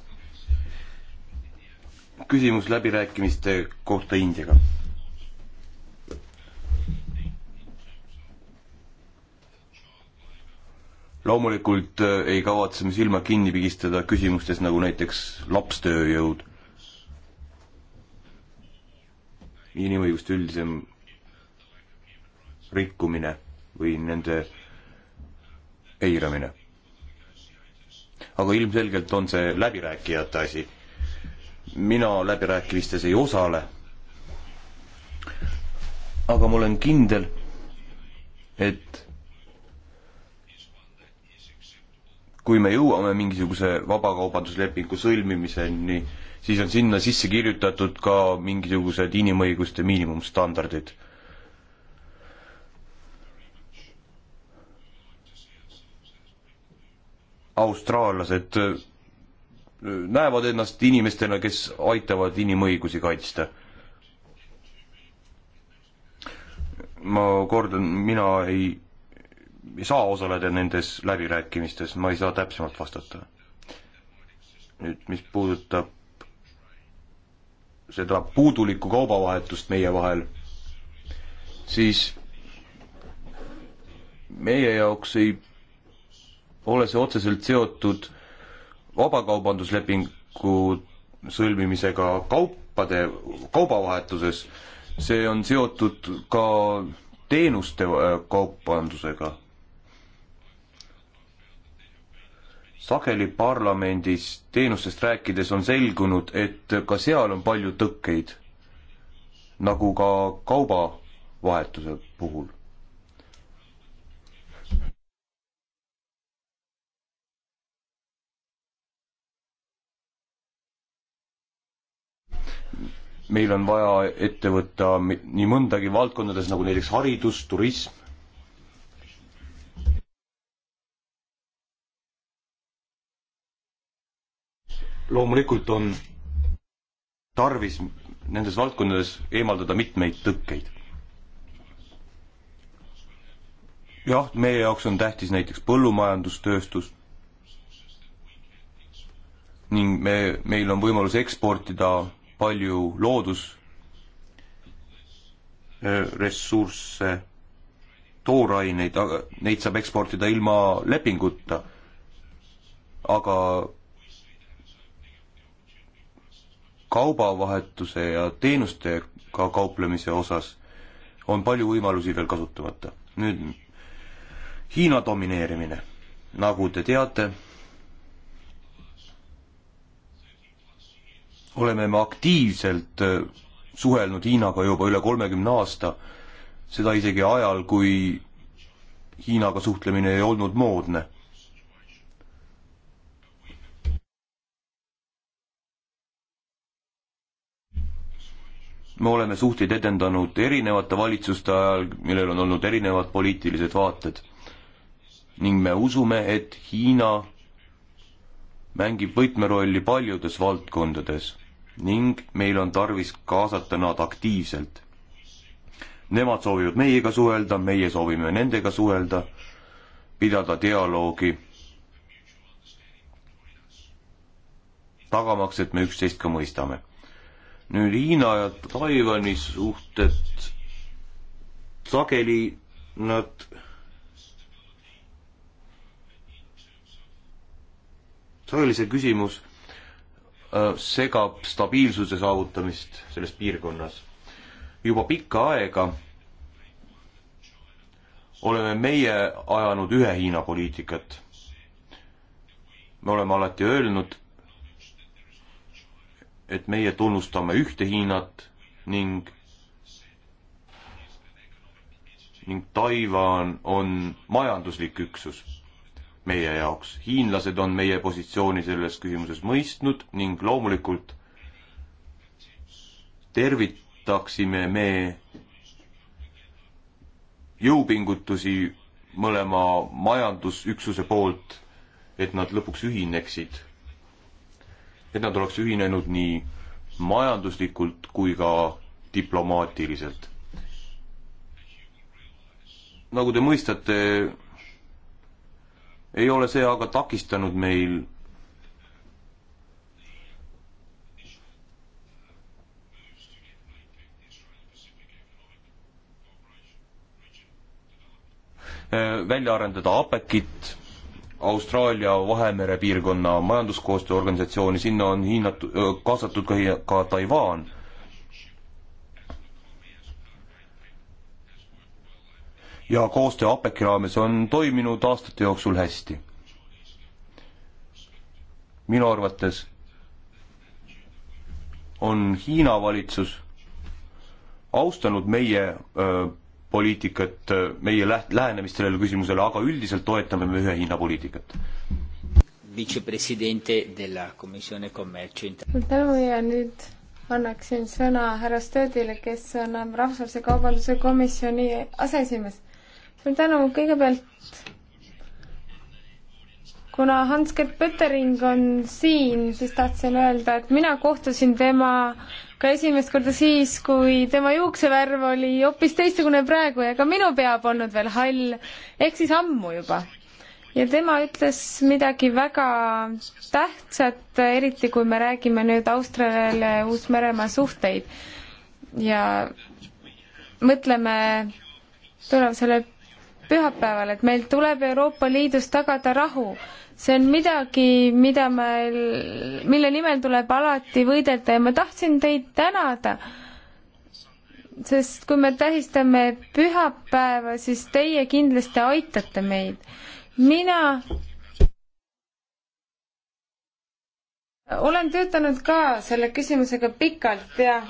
küsimus läbirääkimiste kohta Indiaga loomulikult äh, ei kavatse me silma kinni pigistada küsimustes nagu näiteks lapstööjõud, inimõiguste üldisem rikkumine või nende eiramine. aga ilmselgelt on see läbirääkijate asi. mina läbirääkimistes ei osale. aga ma olen kindel, et kui me jõuame mingisuguse vabakaubanduslepingu sõlmimiseni, siis on sinna sisse kirjutatud ka mingisugused inimõiguste miinimumstandardid. austraallased äh, näevad ennast inimestena, kes aitavad inimõigusi kaitsta. ma kordan, mina ei ei saa osaleda nendes läbirääkimistes, ma ei saa täpsemalt vastata. nüüd, mis puudutab seda puudulikku kaubavahetust meie vahel, siis meie jaoks ei ole see otseselt seotud vabakaubanduslepingu sõlmimisega kaupade, kaubavahetuses, see on seotud ka teenuste äh, kaubandusega. sageli parlamendis teenustest rääkides on selgunud, et ka seal on palju tõkkeid, nagu ka kaubavahetuse puhul. meil on vaja ette võtta nii mõndagi valdkondades, nagu näiteks haridus, turism, loomulikult on tarvis nendes valdkondades eemaldada mitmeid tõkkeid. jah, meie jaoks on tähtis näiteks põllumajandustööstus ning me, meil on võimalus eksportida palju loodusressursse, tooraineid, aga neid saab eksportida ilma lepinguta. aga kaubavahetuse ja teenustega kauplemise osas on palju võimalusi veel kasutamata. nüüd Hiina domineerimine, nagu te teate, oleme me aktiivselt äh, suhelnud Hiinaga juba üle kolmekümne aasta, seda isegi ajal, kui Hiinaga suhtlemine ei olnud moodne me oleme suhteid edendanud erinevate valitsuste ajal, millel on olnud erinevad poliitilised vaated. ning me usume, et Hiina mängib võtmerolli paljudes valdkondades ning meil on tarvis kaasata nad aktiivselt. Nemad soovivad meiega suhelda, meie soovime nendega suhelda, pidada dialoogi, tagamaks, et me üksteist ka mõistame nüüd Hiina ja Taiwan'i suhted sageli nad sageli see küsimus äh, segab stabiilsuse saavutamist selles piirkonnas. juba pikka aega oleme meie ajanud ühe Hiina poliitikat. me oleme alati öelnud, et meie tunnustame ühte Hiinat ning ning Taiwan on majanduslik üksus meie jaoks. hiinlased on meie positsiooni selles küsimuses mõistnud ning loomulikult tervitaksime me jõupingutusi mõlema majandusüksuse poolt, et nad lõpuks ühineksid et nad oleks ühinenud nii majanduslikult kui ka diplomaatiliselt. nagu te mõistate, ei ole see aga takistanud meil välja arendada APEC-it Austraalia Vahemere piirkonna majanduskoostöö organisatsiooni, sinna on hinnatud, kaasatud ka, ka Taiwan. ja koostöö APEC-i raames on toiminud aastate jooksul hästi. minu arvates on Hiina valitsus austanud meie öö, poliitikat, äh, meie läht-, lähenemist sellele küsimusele, aga üldiselt toetame me ühe Hiina poliitikat. tänu ja nüüd annaksin sõna härra Stöödile, kes on Rahvusvahelise Kaubanduse Komisjoni aseesimees. suur tänu, kõigepealt kuna Hans-Gert Pöttering on siin, siis tahtsin öelda, et mina kohtusin tema ka esimest korda siis, kui tema juuksevärv oli hoopis teistsugune praegu ja ka minu pea polnud veel hall, ehk siis ammu juba. ja tema ütles midagi väga tähtsat, eriti kui me räägime nüüd Austraaliale ja Uus-Meremaa suhteid. ja mõtleme tulevasele pühapäeval, et meil tuleb Euroopa Liidus tagada rahu. see on midagi, mida meil, mille nimel tuleb alati võidelda ja ma tahtsin teid tänada, sest kui me tähistame pühapäeva, siis teie kindlasti aitate meid. mina olen töötanud ka selle küsimusega pikalt ja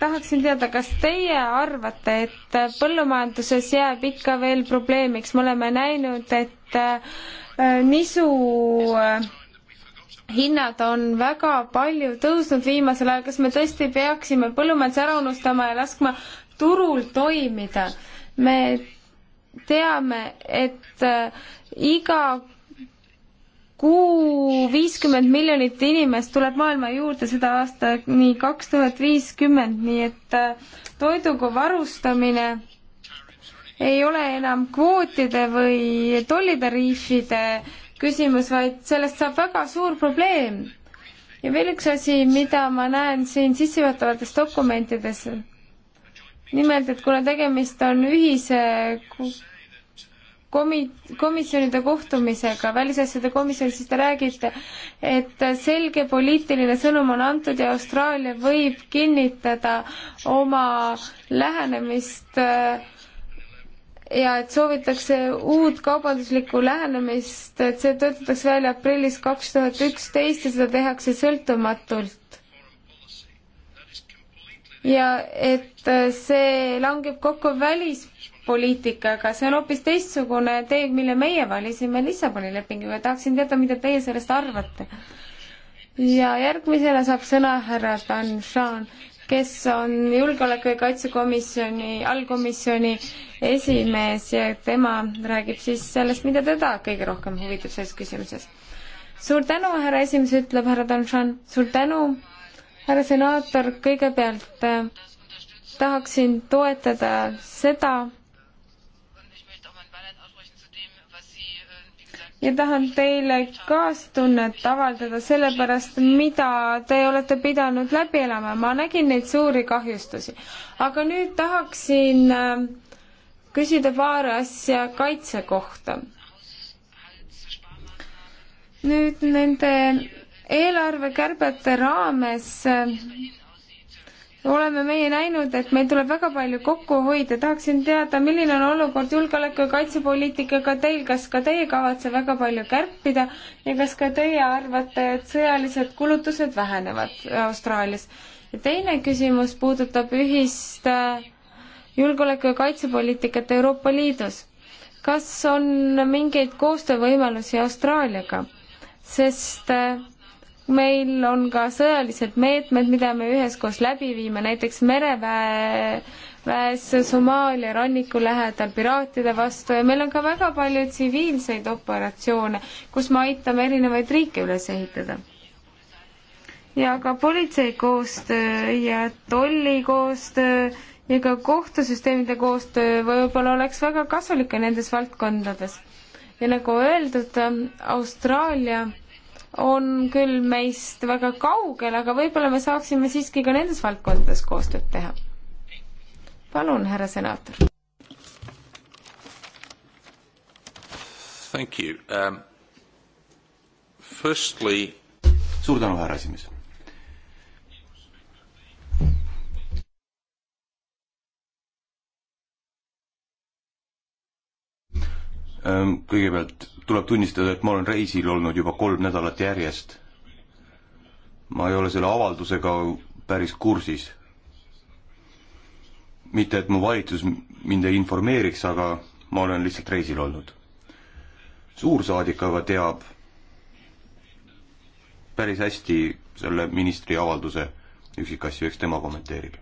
tahaksin teada, kas teie arvate, et põllumajanduses jääb ikka veel probleemiks, me oleme näinud, et äh, nisu äh, hinnad on väga palju tõusnud viimasel ajal, kas me tõesti peaksime põllumajanduse ära unustama ja laskma turul toimida? me teame, et äh, iga kuu viiskümmend miljonit inimest tuleb maailma juurde seda aastani kaks tuhat viiskümmend, nii et äh, toiduga varustamine ei ole enam kvootide või tollitariifide küsimus, vaid sellest saab väga suur probleem. ja veel üks asi, mida ma näen siin sissejuhatavates dokumentides. nimelt, et kuna tegemist on ühise komi-, komisjonide kohtumisega, välisasjade komisjonis, siis te räägite, et selge poliitiline sõnum on antud ja Austraalia võib kinnitada oma lähenemist äh, ja et soovitakse uut kaubanduslikku lähenemist, et see töötatakse välja aprillis kaks tuhat üksteist ja seda tehakse sõltumatult ja et äh, see langeb kokku välis, poliitikaga, see on hoopis teistsugune tee, mille meie valisime Lissaboni lepinguga, tahaksin teada, mida teie sellest arvate. ja järgmisena saab sõna härra Dan Shan, kes on Julgeoleku- ja Kaitsekomisjoni, allkomisjoni esimees ja tema räägib siis sellest, mida teda kõige rohkem huvitab selles küsimuses. suur tänu, härra esimees, ütleb härra Dan Shan, suur tänu, härra senaator, kõigepealt äh, tahaksin toetada seda, ja tahan teile kaastunnet avaldada selle pärast, mida te olete pidanud läbi elama. ma nägin neid suuri kahjustusi. aga nüüd tahaksin äh, küsida paar asja kaitse kohta. nüüd nende eelarvekärbete raames äh, oleme meie näinud, et meil tuleb väga palju kokku hoida. tahaksin teada, milline on olukord julgeoleku ja kaitsepoliitikaga teil, kas ka teie kavatse väga palju kärpida ja kas ka teie arvate, et sõjalised kulutused vähenevad Austraalias? ja teine küsimus puudutab ühist äh, julgeoleku ja kaitsepoliitikat Euroopa Liidus. kas on mingeid koostöövõimalusi Austraaliaga? sest äh, meil on ka sõjalised meetmed, mida me üheskoos läbi viime, näiteks mereväe väes Somaalia ranniku lähedal piraatide vastu ja meil on ka väga palju tsiviilseid operatsioone, kus me aitame erinevaid riike üles ehitada. ja ka politsei koostöö ja tolli koostöö ja ka kohtusüsteemide koostöö võib-olla oleks väga kasulik ka nendes valdkondades. ja nagu öeldud, Austraalia on küll meist väga kaugel, aga võib-olla me saaksime siiski ka nendes valdkondades koostööd teha. palun, härra senaator. Thank you um,. Firstly. suur tänu, härra esimees. Um, kõigepealt tuleb tunnistada, et ma olen reisil olnud juba kolm nädalat järjest. ma ei ole selle avaldusega päris kursis. mitte, et mu valitsus mind ei informeeriks, aga ma olen lihtsalt reisil olnud. suursaadik aga teab päris hästi selle ministri avalduse üksikasju, eks tema kommenteerib.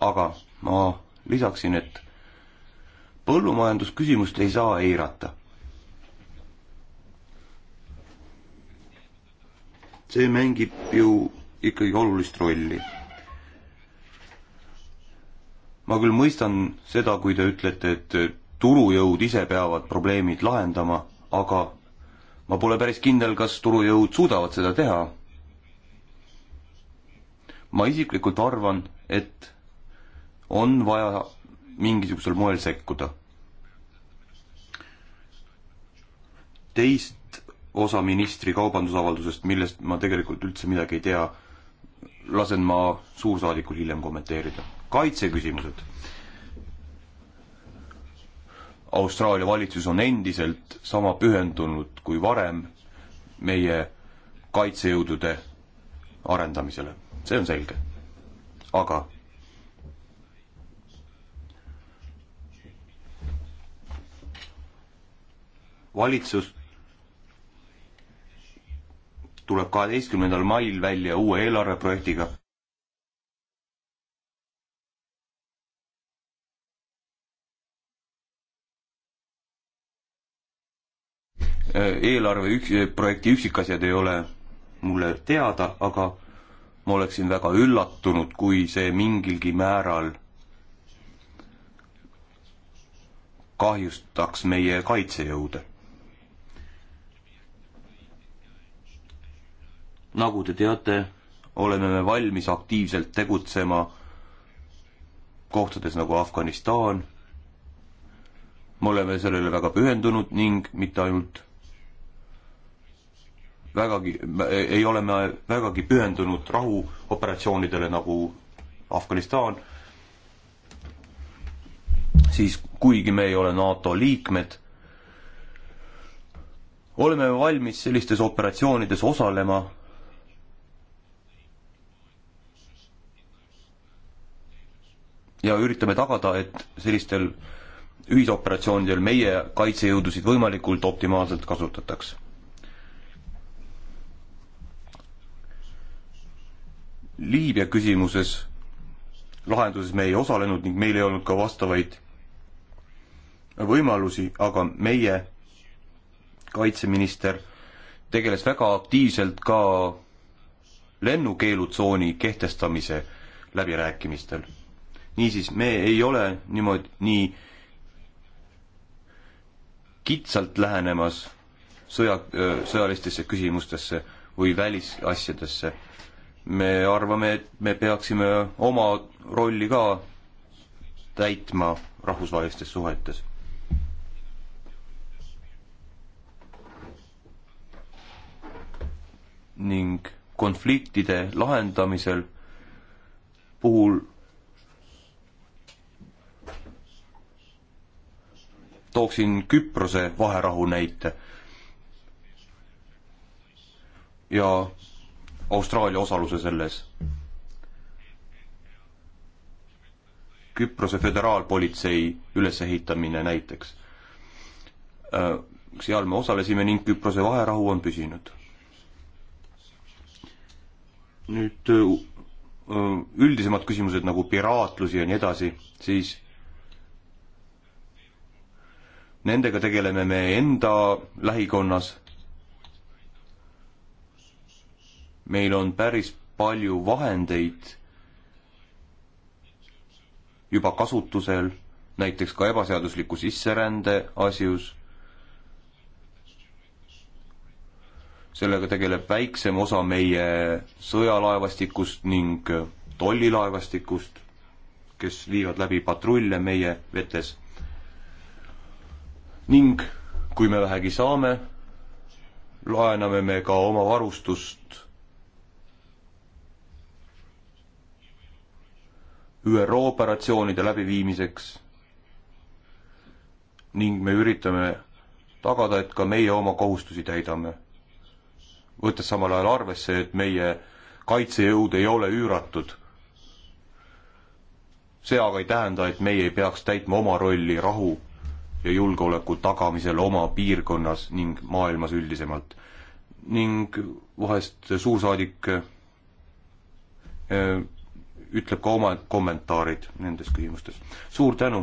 aga ma lisaksin, et põllumajandusküsimust ei saa eirata see mängib ju ikkagi olulist rolli. ma küll mõistan seda, kui te ütlete, et turujõud ise peavad probleemid lahendama, aga ma pole päris kindel, kas turujõud suudavad seda teha. ma isiklikult arvan, et on vaja mingisugusel moel sekkuda. Teist osa ministri kaubandusavaldusest, millest ma tegelikult üldse midagi ei tea, lasen ma suursaadikul hiljem kommenteerida. kaitseküsimused. Austraalia valitsus on endiselt sama pühendunud kui varem meie kaitsejõudude arendamisele, see on selge. aga valitsus tuleb kaheteistkümnendal mail välja uue eelarveprojektiga. eelarve üks, projekti üksikasjad ei ole mulle teada, aga ma oleksin väga üllatunud, kui see mingilgi määral kahjustaks meie kaitsejõude nagu te teate, oleme me valmis aktiivselt tegutsema kohtades nagu Afganistan. me oleme sellele väga pühendunud ning mitte ainult vägagi, ei ole me vägagi pühendunud rahuoperatsioonidele nagu Afganistan, siis kuigi me ei ole NATO liikmed, oleme valmis sellistes operatsioonides osalema ja üritame tagada, et sellistel ühisoperatsioonidel meie kaitsejõudusid võimalikult optimaalselt kasutataks. Liibüa küsimuses lahenduses me ei osalenud ning meil ei olnud ka vastavaid võimalusi, aga meie kaitseminister tegeles väga aktiivselt ka lennukeelutsooni kehtestamise läbirääkimistel niisiis, me ei ole niimoodi nii kitsalt lähenemas sõja, sõjalistesse küsimustesse või välisasjadesse. me arvame, et me peaksime oma rolli ka täitma rahvusvahelistes suhetes. ning konfliktide lahendamisel puhul tooksin Küprose vaherahu näite ja Austraalia osaluse selles. Küprose föderaalpolitsei ülesehitamine näiteks. Äh, seal me osalesime ning Küprose vaherahu on püsinud. nüüd äh, üldisemad küsimused nagu piraatlusi ja nii edasi, siis nendega tegeleme me enda lähikonnas. meil on päris palju vahendeid juba kasutusel, näiteks ka ebaseadusliku sisserände asjus. sellega tegeleb väiksem osa meie sõjalaevastikust ning tollilaevastikust, kes viivad läbi patrulle meie vetes ning kui me vähegi saame, laename me ka oma varustust ÜRO operatsioonide läbiviimiseks ning me üritame tagada, et ka meie oma kohustusi täidame. võttes samal ajal arvesse, et meie kaitsejõud ei ole üüratud. see aga ei tähenda, et meie ei peaks täitma oma rolli rahu ja julgeoleku tagamisel oma piirkonnas ning maailmas üldisemalt. ning vahest suursaadik äh, ütleb ka oma kommentaarid nendes küsimustes. suur tänu!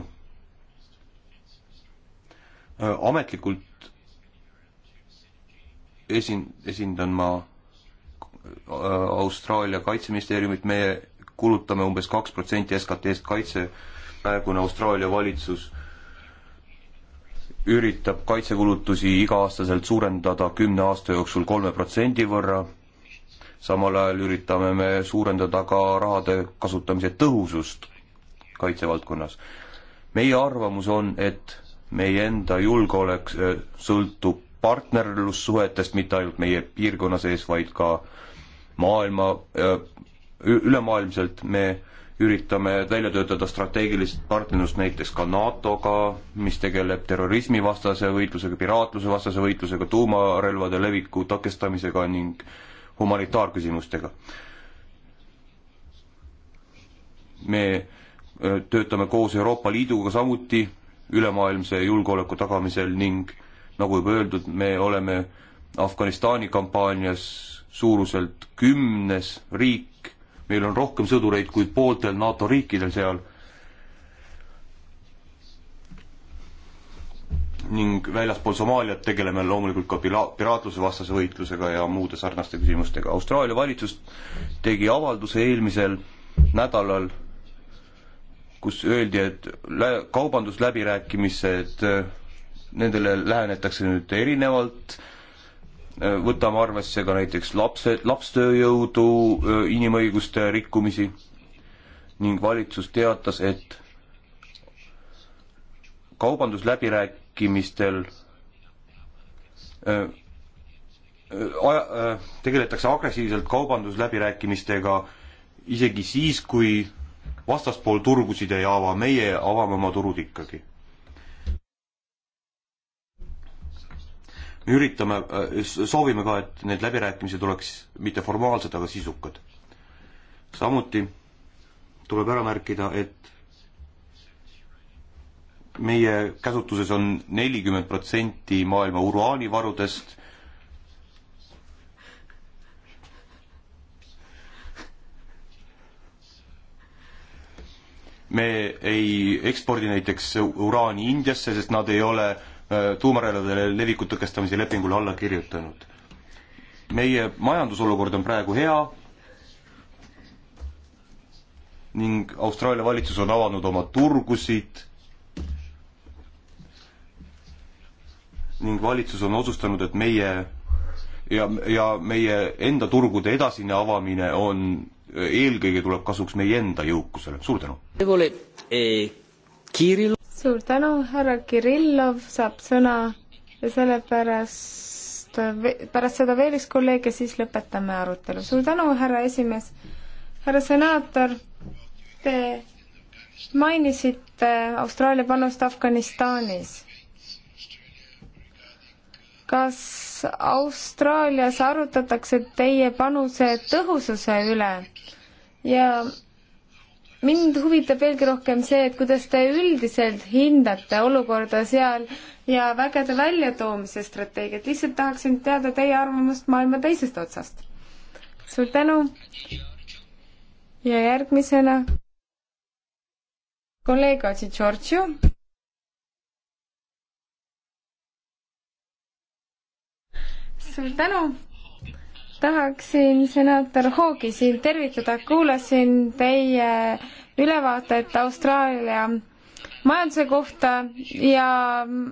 Äh, ametlikult esin-, esindan ma äh, Austraalia kaitseministeeriumit, me kulutame umbes kaks protsenti SKT-st kaitse, praegune Austraalia valitsus üritab kaitsekulutusi iga-aastaselt suurendada kümne aasta jooksul kolme protsendi võrra, samal ajal üritame me suurendada ka rahade kasutamise tõhusust kaitsevaldkonnas. meie arvamus on, et meie enda julgeolek äh, sõltub partnerlussuhetest mitte ainult meie piirkonna sees, vaid ka maailma, äh, ülemaailmselt me äh, üritame välja töötada strateegilist partnerlust näiteks ka NATO-ga, mis tegeleb terrorismivastase võitlusega, piraatluse vastase võitlusega, tuumarelvade leviku takestamisega ning humanitaarküsimustega. me äh, töötame koos Euroopa Liiduga samuti ülemaailmse julgeoleku tagamisel ning nagu juba öeldud, me oleme Afganistani kampaanias suuruselt kümnes riik, meil on rohkem sõdureid kui pooltel NATO riikidel seal. ning väljaspool Somaaliat tegeleme loomulikult ka pila-, piraatluse vastase võitlusega ja muude sarnaste küsimustega. Austraalia valitsus tegi avalduse eelmisel nädalal, kus öeldi, et lä-, kaubandusläbirääkimised, äh, nendele lähenetakse nüüd erinevalt äh,, Äh, võtame arvesse ka näiteks lapse, lapstööjõudu, äh, inimõiguste rikkumisi ning valitsus teatas, et kaubandusläbirääkimistel äh, äh, aja äh,, tegeletakse agressiivselt kaubandusläbirääkimistega isegi siis, kui vastaspool turgusid ei ava, meie avame oma turud ikkagi. me üritame, äh, soovime ka, et need läbirääkimised oleks mitte formaalsed, aga sisukad. samuti tuleb ära märkida, et meie käsutuses on nelikümmend protsenti maailma uraanivarudest. me ei ekspordi näiteks uraani Indiasse, sest nad ei ole äh, Äh, tuumarelvade leviku tõkestamise lepingule alla kirjutanud. meie majandusolukord on praegu hea ning Austraalia valitsus on avanud oma turgusid ning valitsus on otsustanud, et meie ja, ja meie enda turgude edasine avamine on, eelkõige tuleb kasuks meie enda jõukusele, suur tänu! Eh, Kiril suur tänu, härra Kirillov saab sõna ja sellepärast, pärast seda veel üks kolleeg ja siis lõpetame arutelu. suur tänu, härra esimees. härra senaator, te mainisite Austraalia panust Afganistanis. kas Austraalias arutatakse teie panuse tõhususe üle ja mind huvitab veelgi rohkem see, et kuidas te üldiselt hindate olukorda seal ja vägede väljatoomise strateegiat, lihtsalt tahaksin teada teie arvamust maailma teisest otsast. suur tänu ja järgmisena kolleeg Otsi Giorgio. suur tänu tahaksin senator Hoogi siin tervitada, kuulasin teie ülevaatet Austraalia majanduse kohta ja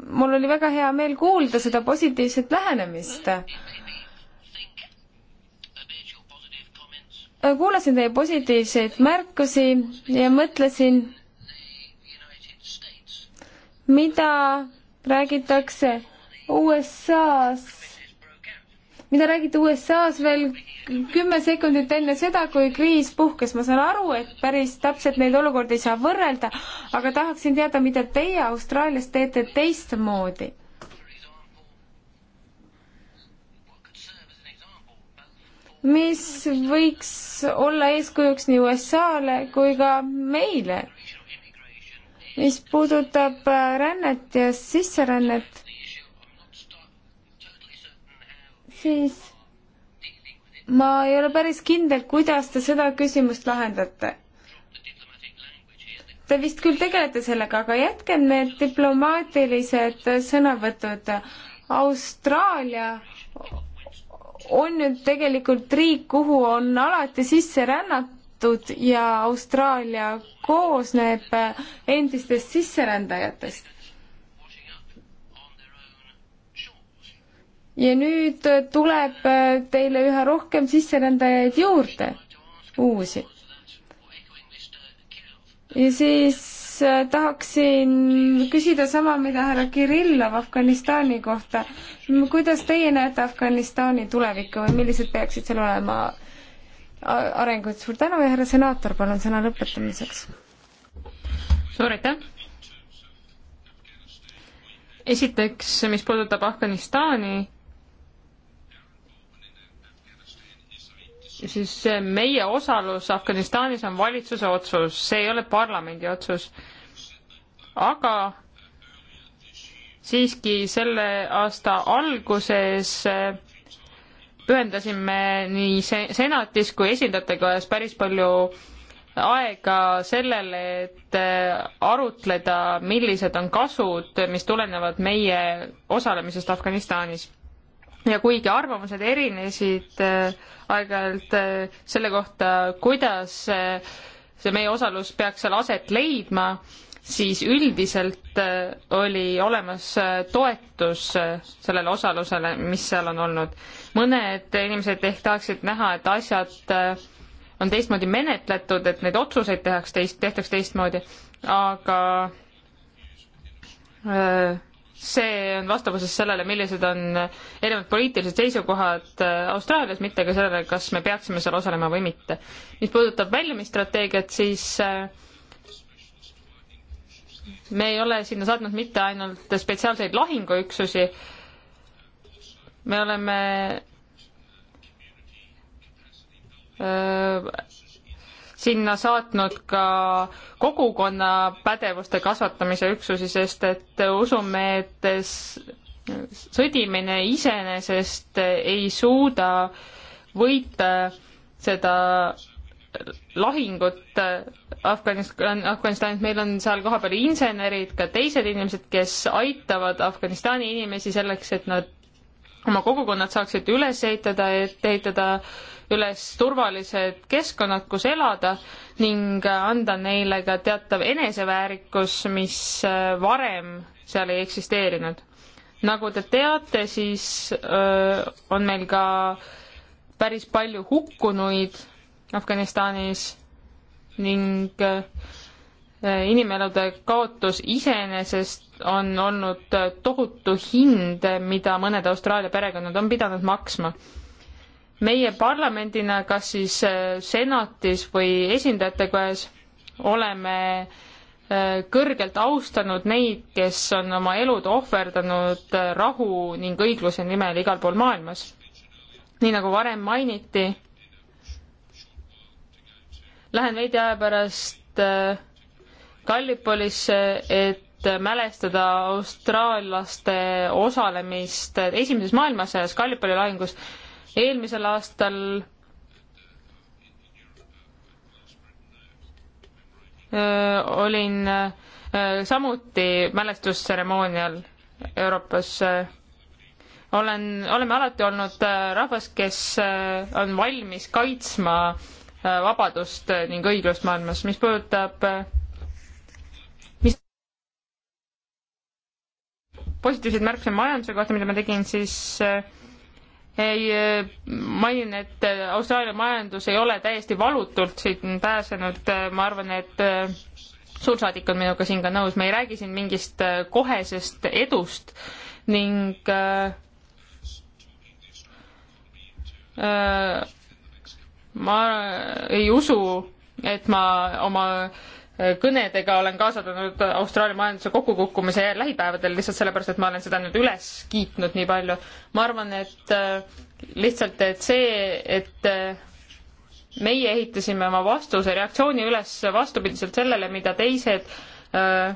mul oli väga hea meel kuulda seda positiivset lähenemist. kuulasin teie positiivseid märkusi ja mõtlesin, mida räägitakse USA-s mida räägiti USA-s veel kümme sekundit enne seda, kui kriis puhkes. ma saan aru, et päris täpselt neid olukordi ei saa võrrelda, aga tahaksin teada, mida teie Austraalias teete teistmoodi mis võiks olla eeskujuks nii USA-le kui ka meile, mis puudutab rännet ja sisserännet, siis ma ei ole päris kindel, kuidas te seda küsimust lahendate. Te vist küll tegelete sellega, aga jätkem need diplomaatilised sõnavõtud. Austraalia on ju tegelikult riik, kuhu on alati sisse rännatud ja Austraalia koosneb endistest sisserändajatest ja nüüd äh, tuleb äh, teile üha rohkem sisserändajaid juurde, uusi. ja siis äh, tahaksin küsida sama, mida härra Kirillov Afganistani kohta. kuidas teie näete Afganistani tulevikku või millised peaksid seal olema arengud? suur tänu ja härra senaator, palun sõna lõpetamiseks. suur aitäh! esiteks, mis puudutab Afganistani siis meie osalus Afganistanis on valitsuse otsus, see ei ole parlamendi otsus. aga siiski selle aasta alguses pühendasime nii senatis kui esindajatega ajas päris palju aega sellele, et arutleda, millised on kasud, mis tulenevad meie osalemisest Afganistanis ja kuigi arvamused erinesid äh, aeg-ajalt äh, selle kohta, kuidas äh, see meie osalus peaks seal aset leidma, siis üldiselt oli olemas toetus sellele osalusele, mis seal on olnud. mõned inimesed ehk tahaksid näha, et asjad on teistmoodi menetletud, et neid otsuseid tehakse teist, tehtaks teistmoodi, aga see on vastavuses sellele, millised on erinevad poliitilised seisukohad äh, Austraalias, mitte ka sellele, kas me peaksime seal osalema või mitte. mis puudutab väljumisstrateegiat, siis äh, me ei ole sinna saatnud mitte ainult spetsiaalseid lahinguüksusi, me oleme äh, sinna saatnud ka kogukonna pädevuste kasvatamise üksusi, sest et usume, et sõdimine iseenesest ei suuda võita seda lahingut Afganistan, Afganistanis, meil on seal kohapeal insenerid, ka teised inimesed, kes aitavad Afganistani inimesi selleks, et nad oma kogukonnad saaksid üles ehitada, et ehitada üles turvalised keskkonnad, kus elada ning anda neile ka teatav eneseväärikus, mis äh, varem seal ei eksisteerinud. nagu te teate, siis öö, äh, on meil ka päris palju hukkunuid Afganistanis ning öö, äh, inimelude kaotus iseenesest on olnud tohutu hind, mida mõned Austraalia perekonnad on pidanud maksma. meie parlamendina, kas siis äh, senatis või esindajatekojas, oleme äh, kõrgelt austanud neid, kes on oma elud ohverdanud äh, rahu ning õigluse nimel igal pool maailmas. nii nagu varem mainiti, lähen veidi aja pärast äh, Gallipolisse, et mälestada austraallaste osalemist Esimeses maailmasõjas Gallipoli lahingus. eelmisel aastal öö, olin öö, samuti mälestustseremoonial Euroopas öö, olen, oleme alati olnud rahvas, kes on valmis kaitsma vabadust ning õiglust maailmas. mis puudutab positiivseid märkuse majanduse kohta, mida ma tegin, siis äh, ei äh, mainin, et äh, Austraalia majandus ei ole täiesti valutult siit pääsenud, ma arvan, et suursaadik on minuga siin ka nõus, me ei räägi siin mingist kohesest edust ning äh, äh, ma ei usu, et ma oma äh, kõnedega olen kaasatanud Austraalia majanduse kokkukukkumise lähipäevadel lihtsalt sellepärast, et ma olen seda nüüd üles kiitnud nii palju. ma arvan, et äh, lihtsalt, et see, et äh, meie ehitasime oma vastuse, reaktsiooni üles vastupidiselt sellele, mida teised äh,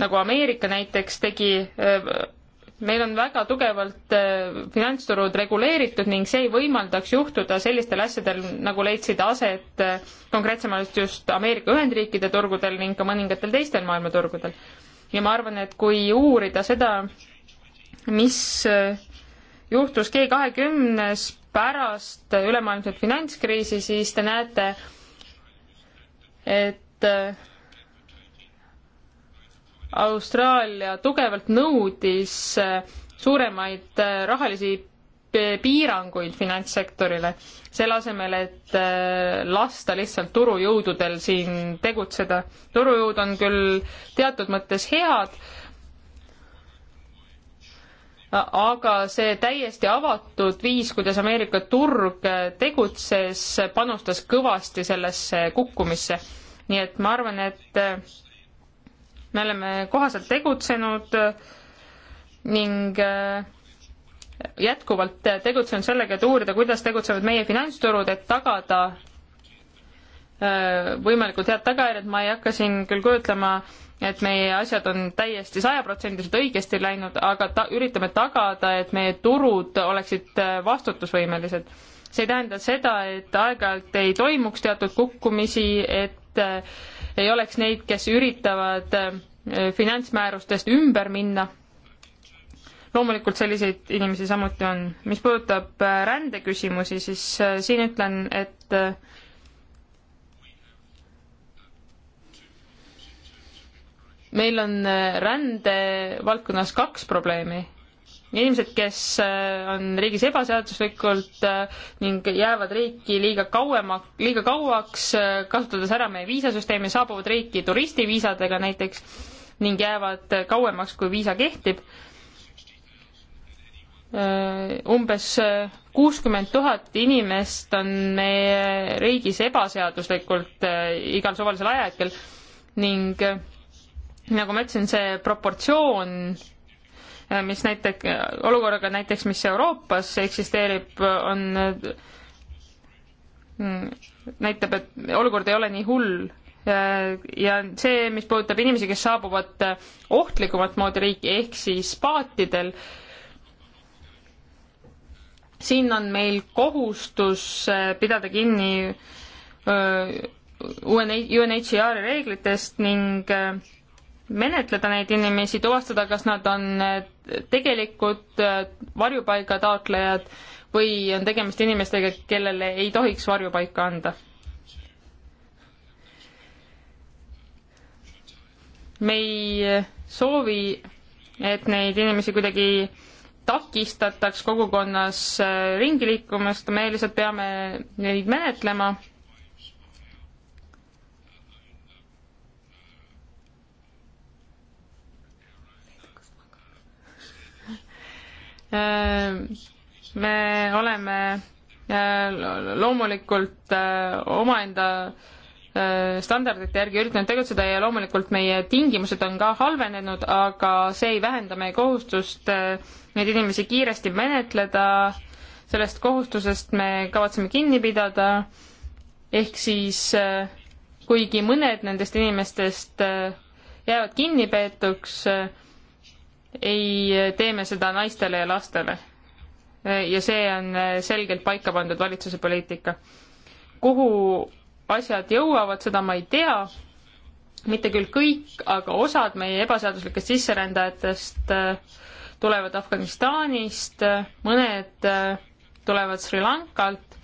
nagu Ameerika näiteks tegi meil on väga tugevalt äh, finantsturud reguleeritud ning see ei võimaldaks juhtuda sellistel asjadel, nagu leidsid aset äh, konkreetsemalt just Ameerika Ühendriikide turgudel ning ka mõningatel teistel maailma turgudel. ja ma arvan, et kui uurida seda, mis äh, juhtus G kahekümnes pärast ülemaailmset finantskriisi, siis te näete, et Austraalia tugevalt nõudis äh, suuremaid äh, rahalisi äh, piiranguid finantssektorile, selle asemel, et lasta lihtsalt turujõududel siin tegutseda. turujõud on küll teatud mõttes head, aga see täiesti avatud viis, kuidas Ameerika turg tegutses, panustas kõvasti sellesse kukkumisse. nii et ma arvan, et me oleme kohaselt tegutsenud ning äh, jätkuvalt tegutsenud sellega, et uurida, kuidas tegutsevad meie finantsturud, et tagada äh, võimalikult head tagajärjed, ma ei hakka siin küll kujutlema, et meie asjad on täiesti sajaprotsendiliselt õigesti läinud, aga ta-, üritame tagada, et meie turud oleksid äh, vastutusvõimelised. see ei tähenda seda, et aeg-ajalt ei toimuks teatud kukkumisi, et äh, ei oleks neid, kes üritavad äh, finantsmäärustest ümber minna. loomulikult selliseid inimesi samuti on. mis puudutab äh, rändeküsimusi, siis äh, siin ütlen, et meil on rände valdkonnas kaks probleemi inimesed, kes äh, on riigis ebaseaduslikult äh, ning jäävad riiki liiga kauema, liiga kauaks, äh, kasutades ära meie viisasüsteemi, saabuvad riiki turistiviisadega näiteks ning jäävad kauemaks, kui viisa kehtib. umbes kuuskümmend tuhat inimest on meie riigis ebaseaduslikult igal suvalisel ajahetkel ning nagu ma ütlesin, see proportsioon mis näitab, olukorraga näiteks, mis Euroopas eksisteerib, on, näitab, et olukord ei ole nii hull. ja see, mis puudutab inimesi, kes saabuvad ohtlikumat moodi riiki, ehk siis paatidel, siin on meil kohustus pidada kinni UNHCR-i reeglitest ning äh, menetleda neid inimesi, tuvastada, kas nad on eh, tegelikud eh, varjupaiga taotlejad või on tegemist inimestega, kellele ei tohiks varjupaika anda. me ei eh, soovi, et neid inimesi kuidagi takistataks kogukonnas ringi liikumast, me lihtsalt peame neid menetlema Äh, me oleme äh, loomulikult äh, omaenda standardite järgi üritanud tegutseda ja loomulikult meie tingimused on ka halvenenud, aga see ei vähenda meie kohustust neid inimesi kiiresti menetleda. sellest kohustusest me kavatseme kinni pidada. ehk siis kuigi mõned nendest inimestest jäävad kinnipeetuks, ei tee me seda naistele ja lastele. ja see on selgelt paika pandud valitsuse poliitika. kuhu asjad jõuavad, seda ma ei tea, mitte küll kõik, aga osad meie ebaseaduslikest sisserändajatest äh, tulevad Afganistanist, äh, mõned äh, tulevad Sri Lankalt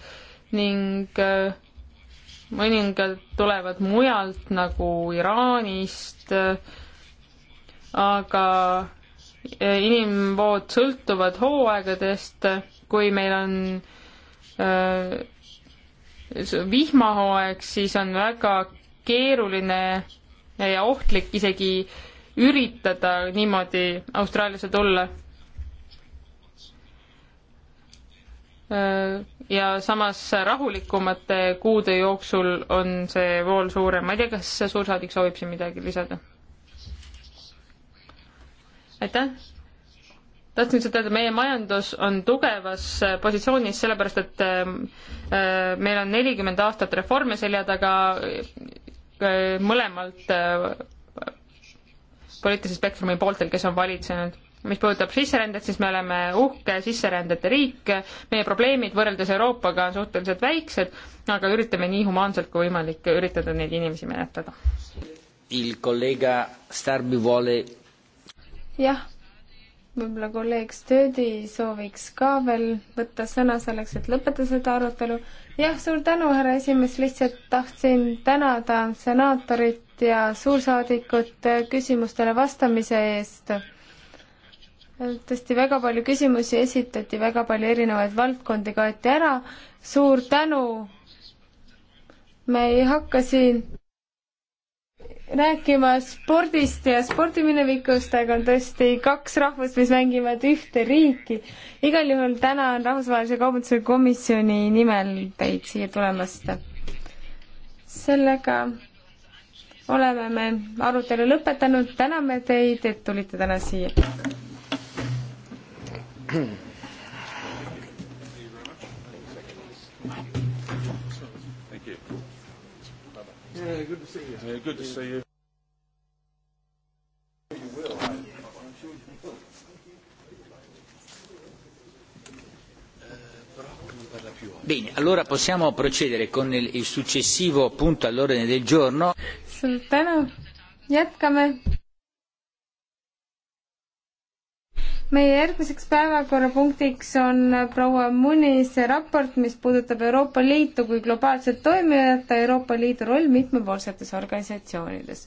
ning mõningad tulevad mujalt nagu Iraanist, aga inimvood sõltuvad hooaegadest, kui meil on äh, vihmahooaeg, siis on väga keeruline ja ohtlik isegi üritada niimoodi Austraaliasse tulla äh, ja samas rahulikumate kuude jooksul on see vool suurem, ma ei tea, kas suursaadik soovib siin midagi lisada? aitäh! tahtsin lihtsalt öelda, meie majandus on tugevas äh, positsioonis, sellepärast et ähm, äh, meil on nelikümmend aastat reforme selja taga äh, mõlemalt poliitilise spektrumi pooltel, kes on valitsenud. mis puudutab sisserändet, siis me oleme uhke sisserändete riik, meie probleemid võrreldes Euroopaga on suhteliselt väiksed, aga üritame nii humaanselt kui võimalik üritada neid inimesi menetleda. Il collega Starbi vuole jah, võib-olla kolleeg Stöödi sooviks ka veel võtta sõna selleks, et lõpetada seda arutelu. jah, suur tänu, härra esimees, lihtsalt tahtsin tänada senaatorit ja suursaadikut küsimustele vastamise eest. tõesti, väga palju küsimusi esitati, väga palju erinevaid valdkondi kaeti ära. suur tänu. me ei hakka siin rääkima spordist ja spordiminevikust, aga on tõesti kaks rahvust, mis mängivad ühte riiki. igal juhul tänan Rahvusvahelise Kaubanduse Komisjoni nimel teid siia tulemast. sellega oleme me arutelu lõpetanud, täname teid, et tulite täna siia. Yeah, good to see you. Yeah, good to see you. You will. I, I'm sure you will. Bene, allora possiamo procedere con il, il successivo punto all'ordine del giorno. Sultano, jätkame meie järgmiseks päevakorrapunktiks on proua Munise raport, mis puudutab Euroopa Liitu kui globaalset toimijat, Euroopa Liidu roll mitmepoolsetes organisatsioonides.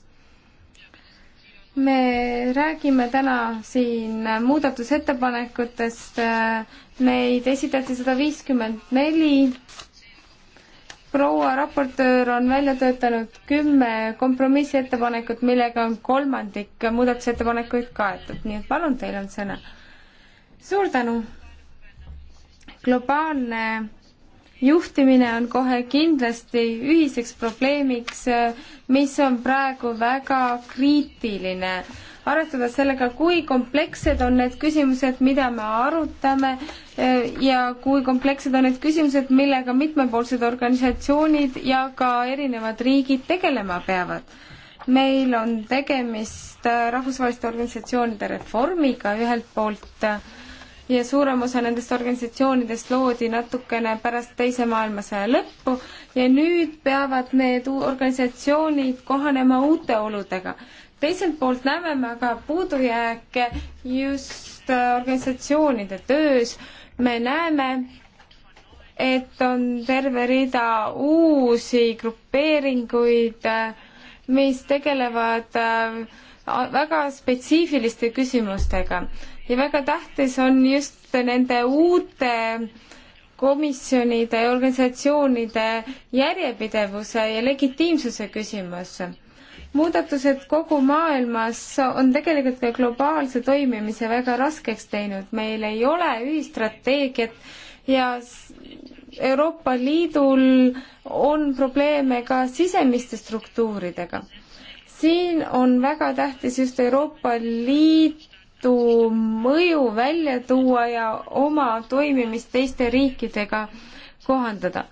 me räägime täna siin muudatusettepanekutest, neid esitati sada viiskümmend neli, proua raportöör on välja töötanud kümme kompromissettepanekut, millega on kolmandik muudatusettepanekuid kaetud, nii et palun, teil on sõna suur tänu! globaalne juhtimine on kohe kindlasti ühiseks probleemiks, mis on praegu väga kriitiline. arvestades sellega, kui komplekssed on need küsimused, mida me arutame ja kui komplekssed on need küsimused, millega mitmepoolsed organisatsioonid ja ka erinevad riigid tegelema peavad. meil on tegemist rahvusvaheliste organisatsioonide reformiga ühelt poolt ja suurem osa nendest organisatsioonidest loodi natukene pärast Teise maailmasõja lõppu ja nüüd peavad need organisatsioonid kohanema uute oludega. teiselt poolt näeme me aga puudujääke just äh, organisatsioonide töös. me näeme, et on terve rida uusi grupeeringuid, äh, mis tegelevad äh, väga spetsiifiliste küsimustega ja väga tähtis on just nende uute komisjonide ja organisatsioonide järjepidevuse ja legitiimsuse küsimus. muudatused kogu maailmas on tegelikult ka globaalse toimimise väga raskeks teinud, meil ei ole ühistrateegiat ja Euroopa Liidul on probleeme ka sisemiste struktuuridega. siin on väga tähtis just Euroopa Liit Liidu mõju välja tuua ja oma toimimist teiste riikidega kohandada.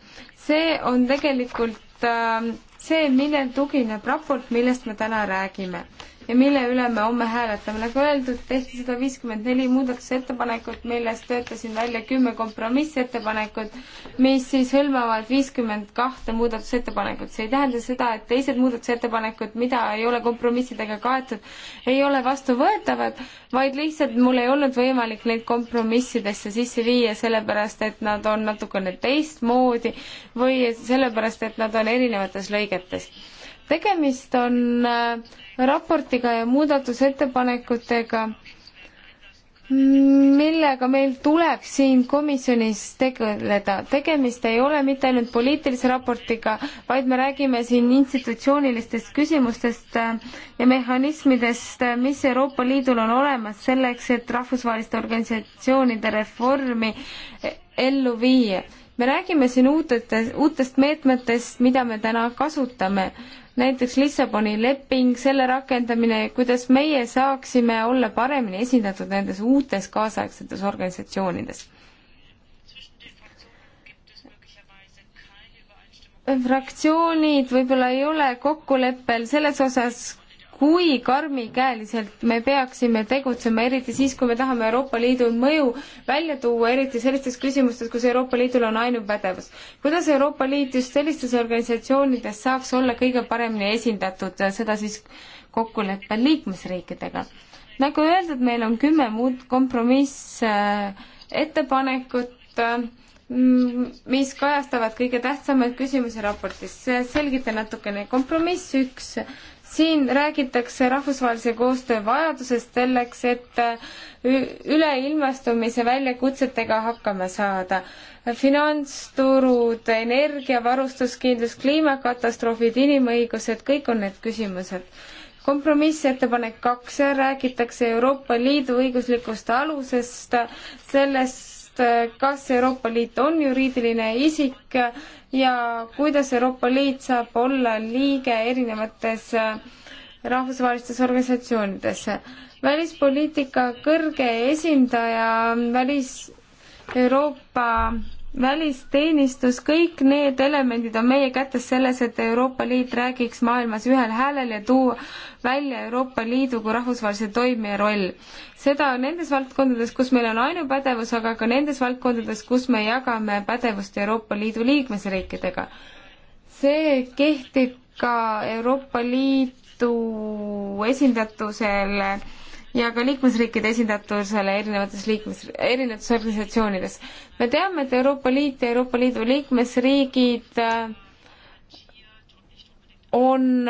see on tegelikult äh, see, millel tugineb raport, millest me täna räägime ja mille üle me homme hääletame. nagu öeldud, tehti sada viiskümmend neli muudatusettepanekut, millest töötasin välja kümme kompromissettepanekut, mis siis hõlmavad viiskümmend kahte muudatusettepanekut. see ei tähenda seda, et teised muudatusettepanekud, mida ei ole kompromissidega kaetud, ei ole vastuvõetavad, vaid lihtsalt mul ei olnud võimalik neid kompromissidesse sisse viia, sellepärast et nad on natukene teistmoodi või sellepärast, et nad on erinevates lõigetes tegemist on äh, raportiga ja muudatusettepanekutega, millega meil tuleb siin komisjonis tegeleda. tegemist ei ole mitte ainult poliitilise raportiga, vaid me räägime siin institutsioonilistest küsimustest äh, ja mehhanismidest, äh, mis Euroopa Liidul on olemas selleks, et rahvusvaheliste organisatsioonide reformi ellu viia me räägime siin uutete, uutest meetmetest, mida me täna kasutame, näiteks Lissaboni leping, selle rakendamine, kuidas meie saaksime olla paremini esindatud nendes uutes kaasaegsetes organisatsioonides fraktsioonid võib-olla ei ole kokkuleppel selles osas, kui karmikäeliselt me peaksime tegutsema, eriti siis, kui me tahame Euroopa Liidu mõju välja tuua, eriti sellistes küsimustes, kus Euroopa Liidul on ainupädevus. kuidas Euroopa Liit just sellistes organisatsioonides saaks olla kõige paremini esindatud, seda siis kokkuleppel liikmesriikidega? nagu öeldud, meil on kümme muud kompromissettepanekut äh, mis kajastavad kõige tähtsamaid küsimusi raportis. selgita natukene. kompromiss üks siin räägitakse rahvusvahelise koostöö vajadusest selleks, et üleilmastumise väljakutsetega hakkama saada. finantsturud, energia, varustuskindlus, kliimakatastroofid, inimõigused, kõik on need küsimused. kompromissettepanek kaks, seal räägitakse Euroopa Liidu õiguslikust alusest, selles sellest, äh, kas Euroopa Liit on juriidiline isik ja kuidas Euroopa Liit saab olla liige erinevates äh, rahvusvahelistes organisatsioonides. välispoliitika kõrge esindaja välis Euroopa välisteenistus, kõik need elemendid on meie kätes selles, et Euroopa Liit räägiks maailmas ühel häälel ja tuua välja Euroopa Liidu kui rahvusvahelise toimija roll. seda nendes valdkondades, kus meil on ainupädevus, aga ka nendes valdkondades, kus me jagame pädevust Euroopa Liidu liikmesriikidega. see kehtib ka Euroopa Liidu esindatusele ja ka liikmesriikide esindatusele erinevates liikmes, erinevates organisatsioonides. me teame, et Euroopa Liit ja Euroopa Liidu liikmesriigid äh, on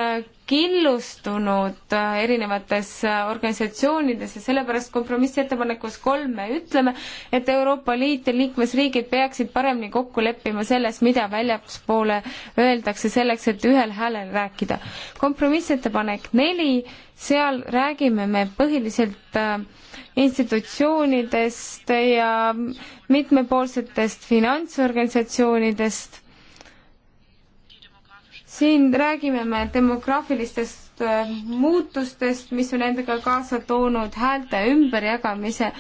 killustunud äh, erinevates äh, organisatsioonides ja sellepärast kompromissettepanekus kolm me ütleme, et Euroopa Liit ja liikmesriigid peaksid paremini kokku leppima selles, mida väljaspoole öeldakse, selleks et ühel häälel rääkida. kompromissettepanek neli, seal räägime me põhiliselt äh, institutsioonidest ja mitmepoolsetest finantsorganisatsioonidest siin räägime me demograafilistest äh, muutustest, mis on endaga kaasa toonud häälte ümberjagamise äh,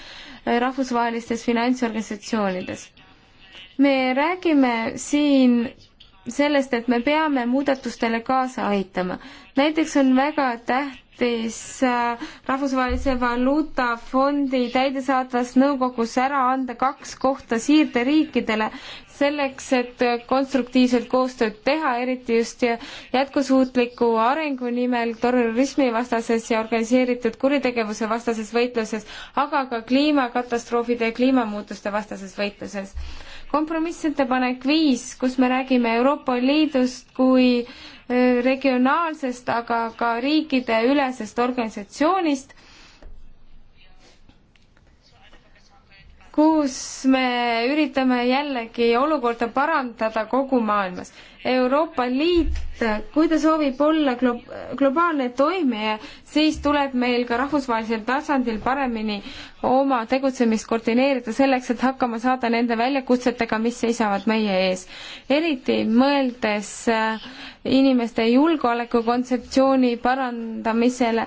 rahvusvahelistes finantsorganisatsioonides. me räägime siin sellest, et me peame muudatustele kaasa aitama. näiteks on väga tähtis äh, Rahvusvahelise Valuutafondi täidesaatvas nõukogus ära anda kaks kohta siirderiikidele, selleks, et konstruktiivselt koostööd teha, eriti just jätkusuutliku arengu nimel terrorismivastases ja organiseeritud kuritegevuse vastases võitluses, aga ka kliimakatastroofide ja kliimamuutuste vastases võitluses kompromissettepanek viis, kus me räägime Euroopa Liidust kui eh, regionaalsest, aga ka riikideülesest organisatsioonist kus me üritame jällegi olukorda parandada kogu maailmas. Euroopa Liit, kui ta soovib olla glo-, globaalne toimija, siis tuleb meil ka rahvusvahelisel tasandil paremini oma tegutsemist koordineerida selleks, et hakkama saada nende väljakutsetega, mis seisavad meie ees. eriti mõeldes äh, inimeste julgeoleku kontseptsiooni parandamisele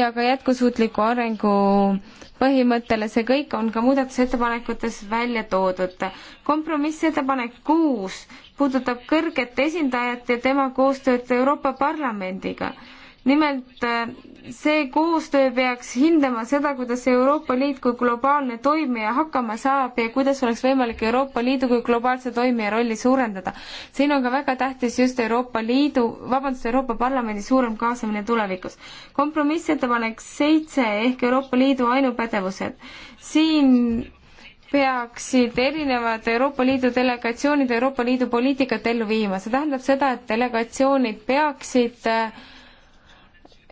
ja ka jätkusuutliku arengu äh, põhimõttele, see kõik on ka muudatusettepanekutes välja toodud. kompromissettepanek kuus puudutab kõrget esindajat ja tema koostööd Euroopa Parlamendiga nimelt äh, see koostöö peaks hindama seda, kuidas Euroopa Liit kui globaalne toimija hakkama saab ja kuidas oleks võimalik Euroopa Liidu kui globaalse toimija rolli suurendada. siin on ka väga tähtis just Euroopa Liidu, vabandust, Euroopa Parlamendi suurem kaasamine tulevikus. kompromissettepanek seitse ehk Euroopa Liidu ainupädevused. siin peaksid erinevad Euroopa Liidu delegatsioonid Euroopa Liidu poliitikat ellu viima, see tähendab seda, et delegatsioonid peaksid äh,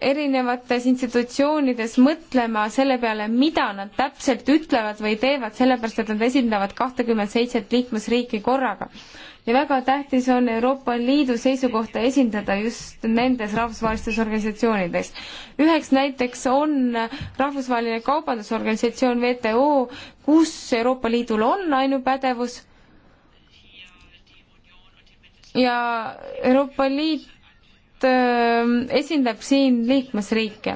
erinevates institutsioonides mõtlema selle peale, mida nad täpselt ütlevad või teevad, sellepärast et nad esindavad kahtekümmet seitset liikmesriiki korraga. ja väga tähtis on Euroopa Liidu seisukohta esindada just nendes rahvusvahelistes organisatsioonides. üheks näiteks on Rahvusvaheline Kaubandusorganisatsioon WTO, kus Euroopa Liidul on ainupädevus ja Euroopa Liit Ähm, esindab siin liikmesriike.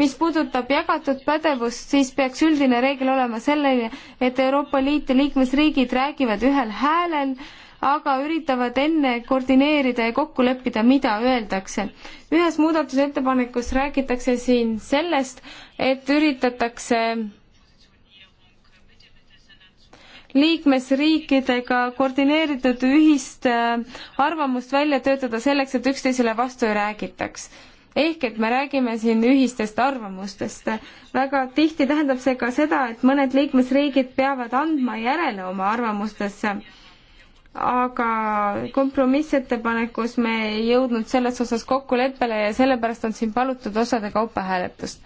mis puudutab jagatud pädevust, siis peaks üldine reegel olema selline, et Euroopa Liit ja liikmesriigid räägivad ühel häälel, aga üritavad enne koordineerida ja kokku leppida, mida öeldakse. ühes muudatusettepanekus räägitakse siin sellest, et üritatakse liikmesriikidega koordineeritud ühist äh, arvamust välja töötada selleks, et üksteisele vastu ei räägitaks ehk et me räägime siin ühistest arvamustest. väga tihti tähendab see ka seda, et mõned liikmesriigid peavad andma järele oma arvamustesse. aga kompromissettepanekus me ei jõudnud selles osas kokkuleppele ja sellepärast on siin palutud osade kaupa hääletust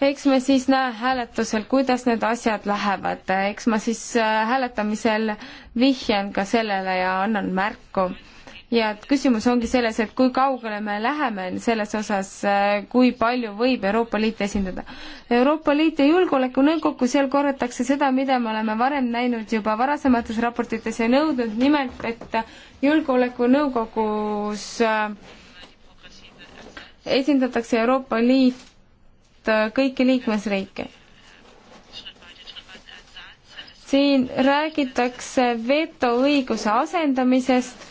eks me siis näe hääletusel, kuidas need asjad lähevad, eks ma siis äh, hääletamisel vihjan ka sellele ja annan märku. ja et küsimus ongi selles, et kui kaugele me läheme selles osas, äh, kui palju võib Euroopa Liit esindada. Euroopa Liit ja Julgeolekunõukokku, seal korratakse seda, mida me oleme varem näinud juba varasemates raportites ja nõudnud, nimelt et Julgeolekunõukogus äh, esindatakse Euroopa Liit Äh, kõiki liikmesriike. siin räägitakse vetoõiguse asendamisest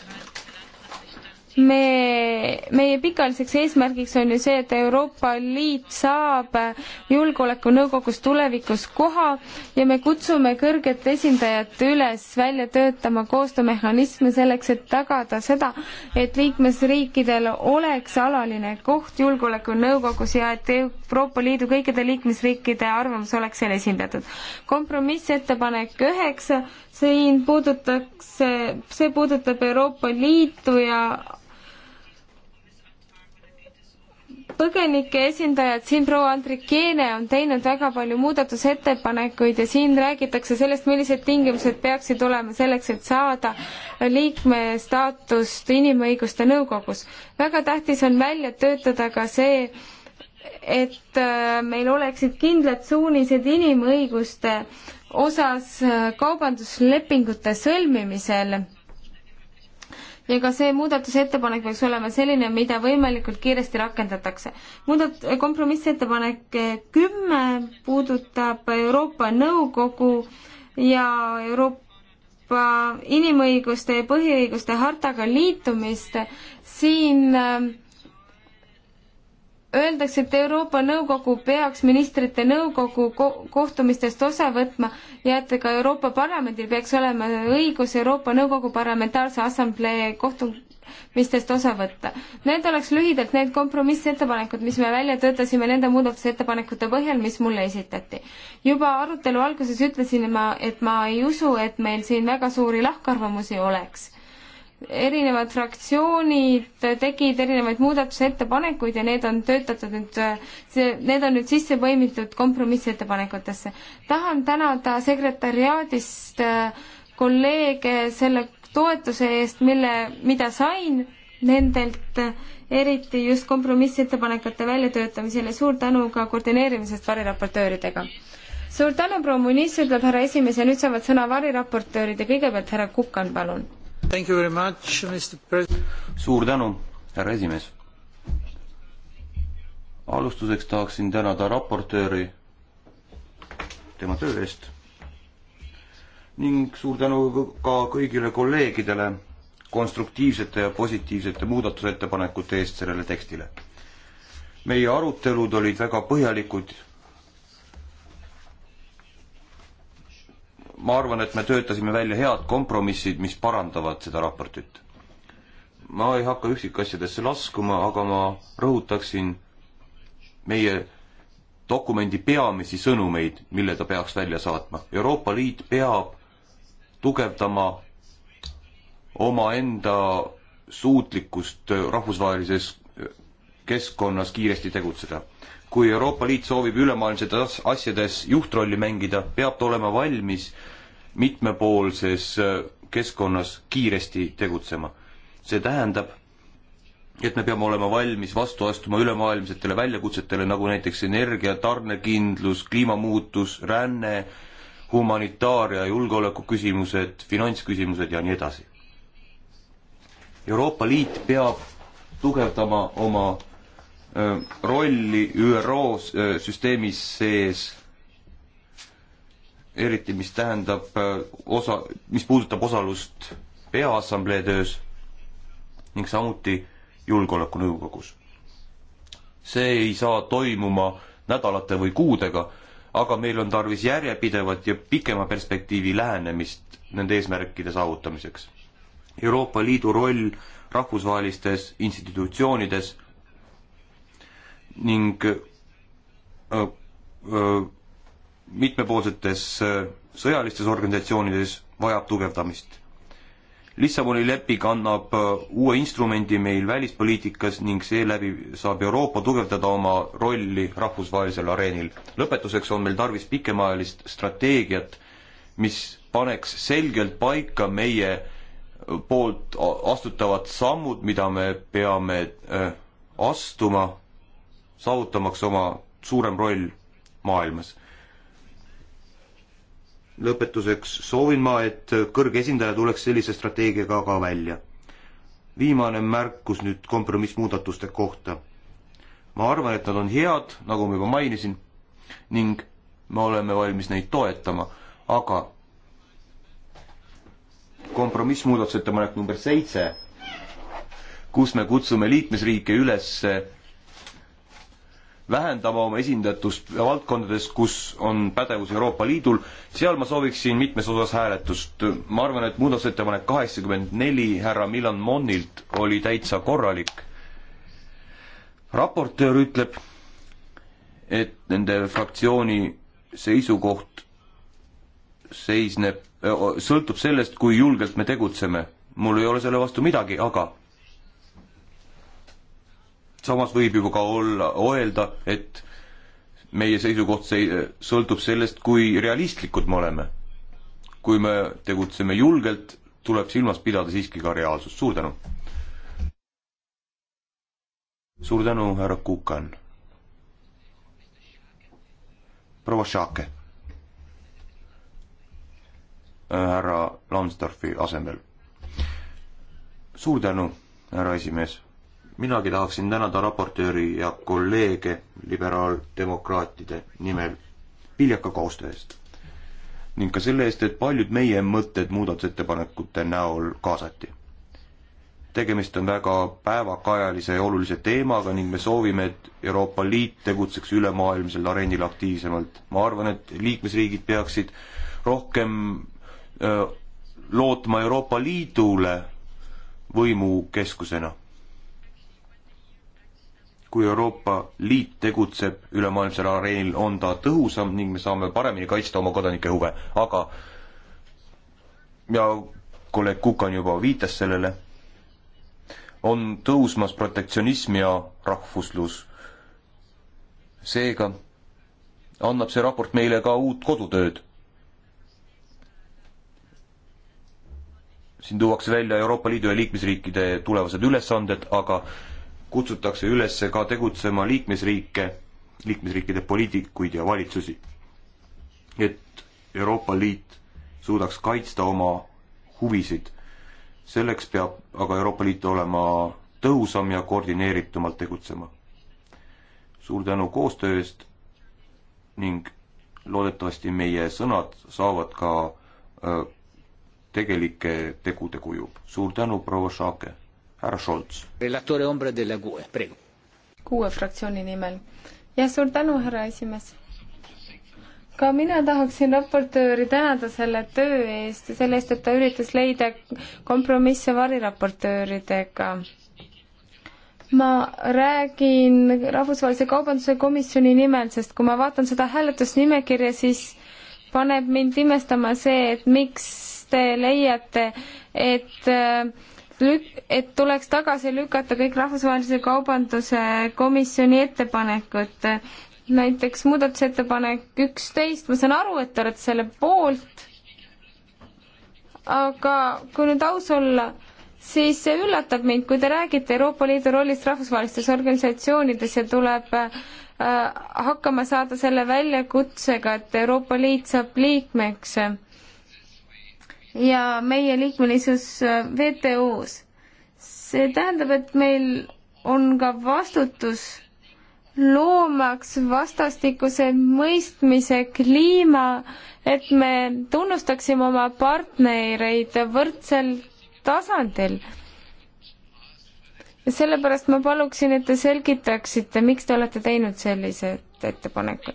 me, meie pikaajaliseks eesmärgiks on ju see, et Euroopa Liit saab Julgeolekunõukogus tulevikus koha ja me kutsume kõrget esindajat üles välja töötama koostöömehhanisme selleks, et tagada seda, et liikmesriikidel oleks alaline koht Julgeolekunõukogus ja et Euroopa Liidu kõikide liikmesriikide arvamus oleks seal esindatud. kompromissettepanek üheksa, siin puudutaks, see puudutab Euroopa Liitu ja põgenike esindajad siin, proua Andrikiene on teinud väga palju muudatusettepanekuid ja siin räägitakse sellest, millised tingimused peaksid olema selleks, et saada liikme staatust Inimõiguste Nõukogus. väga tähtis on välja töötada ka see, et äh, meil oleksid kindlad suunised inimõiguste osas äh, kaubanduslepingute sõlmimisel ja ka see muudatusettepanek peaks olema selline, mida võimalikult kiiresti rakendatakse. muudat-, kompromissettepanek kümme puudutab Euroopa Nõukogu ja Euroopa inimõiguste ja põhiõiguste hartaga liitumist, siin äh, öeldakse, et Euroopa Nõukogu peaks ministrite nõukogu ko kohtumistest osa võtma ja et ka Euroopa Parlamendil peaks olema õigus Euroopa Nõukogu Parlamentaarse Assamblee kohtumistest osa võtta. Need oleks lühidalt need kompromissettepanekud, mis me välja töötasime nende muudatusettepanekute põhjal, mis mulle esitati. juba arutelu alguses ütlesin ma, et ma ei usu, et meil siin väga suuri lahkarvamusi oleks erinevad fraktsioonid tegid erinevaid muudatusettepanekuid ja need on töötatud nüüd, see, need on nüüd sisse põimitud kompromissettepanekutesse. tahan tänada sekretäriaadist äh, kolleege selle toetuse eest, mille, mida sain nendelt, eriti just kompromissettepanekute väljatöötamisel ja suur tänu ka koordineerimisest variraportööridega suur tänu, proua Muniz, ütleb härra esimees ja nüüd saavad sõna variraportöörid ja kõigepealt härra Kukan, palun suur tänu, härra esimees. alustuseks tahaksin tänada raportööri tema töö eest ning suur tänu ka kõigile kolleegidele konstruktiivsete ja positiivsete muudatusettepanekute eest sellele tekstile. meie arutelud olid väga põhjalikud ma arvan, et me töötasime välja head kompromissid, mis parandavad seda raportit. ma ei hakka üksikasjadesse laskuma, aga ma rõhutaksin meie dokumendi peamisi sõnumeid, mille ta peaks välja saatma. Euroopa Liit peab tugevdama omaenda suutlikkust rahvusvahelises keskkonnas kiiresti tegutseda. kui Euroopa Liit soovib ülemaailmsetes asjades juhtrolli mängida, peab ta olema valmis mitmepoolses äh, keskkonnas kiiresti tegutsema. see tähendab, et me peame olema valmis vastu astuma ülemaailmsetele väljakutsetele, nagu näiteks energia, tarnekindlus, kliimamuutus, ränne, humanitaar- ja julgeolekuküsimused, finantsküsimused ja nii edasi. Euroopa Liit peab tugevdama oma äh, rolli ÜRO äh, süsteemis sees eriti mis tähendab äh, osa, mis puudutab osalust Peaassamblee töös ning samuti Julgeolekunõukogus. see ei saa toimuma nädalate või kuudega, aga meil on tarvis järjepidevat ja pikema perspektiivi lähenemist nende eesmärkide saavutamiseks. Euroopa Liidu roll rahvusvahelistes institutsioonides ning öö, äh, öö, äh, mitmepoolsetes äh, sõjalistes organisatsioonides vajab tugevdamist. Lissaboni leping annab äh, uue instrumendi meil välispoliitikas ning seeläbi saab Euroopa tugevdada oma rolli rahvusvahelisel areenil. lõpetuseks on meil tarvis pikemaajalist strateegiat, mis paneks selgelt paika meie äh, poolt astutavad sammud, mida me peame astuma, saavutamaks oma suurem roll maailmas lõpetuseks soovin ma, et kõrge esindaja tuleks sellise strateegiaga ka välja. viimane märkus nüüd kompromissmuudatuste kohta. ma arvan, et nad on head, nagu ma juba mainisin, ning me oleme valmis neid toetama, aga kompromissmuudatusettepanek number seitse, kus me kutsume liikmesriike üles vähendama oma esindatust valdkondades, kus on pädevus Euroopa Liidul, seal ma sooviksin mitmes osas hääletust. ma arvan, et muudatusettepanek kaheksakümmend neli härra Milan Monilt oli täitsa korralik. raportöör ütleb, et nende fraktsiooni seisukoht seisneb, sõltub sellest, kui julgelt me tegutseme. mul ei ole selle vastu midagi, aga samas võib juba ka olla, öelda, et meie seisukoht see sõltub sellest, kui realistlikud me oleme. kui me tegutseme julgelt, tuleb silmas pidada siiski ka reaalsust, suur tänu. suur tänu, härra Kukan. proua Šake. härra Lambsdorfi asemel. suur tänu, härra esimees minagi tahaksin tänada raportööri ja kolleege liberaaldemokraatide nimel viljaka koostöö eest ning ka selle eest, et paljud meie mõtted muudatusettepanekute näol kaasati. tegemist on väga päevakajalise ja olulise teemaga ning me soovime, et Euroopa Liit tegutseks ülemaailmsel areenil aktiivsemalt. ma arvan, et liikmesriigid peaksid rohkem öö, lootma Euroopa Liidule võimukeskusena kui Euroopa Liit tegutseb ülemaailmsel areenil, on ta tõhusam ning me saame paremini kaitsta oma kodanike huve, aga ja kolleeg Kukan juba viitas sellele, on tõusmas protektsionism ja rahvuslus. seega annab see raport meile ka uut kodutööd. siin tuuakse välja Euroopa Liidu ja liikmesriikide tulevased ülesanded, aga kutsutakse üles ka tegutsema liikmesriike, liikmesriikide poliitikuid ja valitsusi. et Euroopa Liit suudaks kaitsta oma huvisid. selleks peab aga Euroopa Liit olema tõhusam ja koordineeritumalt tegutsema. suur tänu koostöö eest ning loodetavasti meie sõnad saavad ka öö, äh, tegelike tegude kuju. suur tänu, proua Šaake! härra Scholz. kuue fraktsiooni nimel. jah, suur tänu, härra esimees ka mina tahaksin raportööri tänada selle töö eest ja selle eest, et ta üritas leida kompromisse variraportööridega. ma räägin Rahvusvahelise Kaubanduse Komisjoni nimel, sest kui ma vaatan seda hääletusnimekirja, siis paneb mind imestama see, et miks te leiate, et äh, et tuleks tagasi lükata kõik Rahvusvahelise Kaubanduse Komisjoni ettepanekud, näiteks muudatusettepanek üksteist, ma saan aru, et te olete selle poolt, aga kui nüüd aus olla, siis see üllatab mind, kui te räägite Euroopa Liidu rollist rahvusvahelistes organisatsioonides ja tuleb äh, hakkama saada selle väljakutsega, et Euroopa Liit saab liikmeks äh, ja meie liikmelisus äh, WTO-s. see tähendab, et meil on ka vastutus loomaks vastastikuse mõistmise kliima, et me tunnustaksime oma partnereid võrdsel tasandil. sellepärast ma paluksin, et te selgitaksite, miks te olete teinud sellised ettepanekud.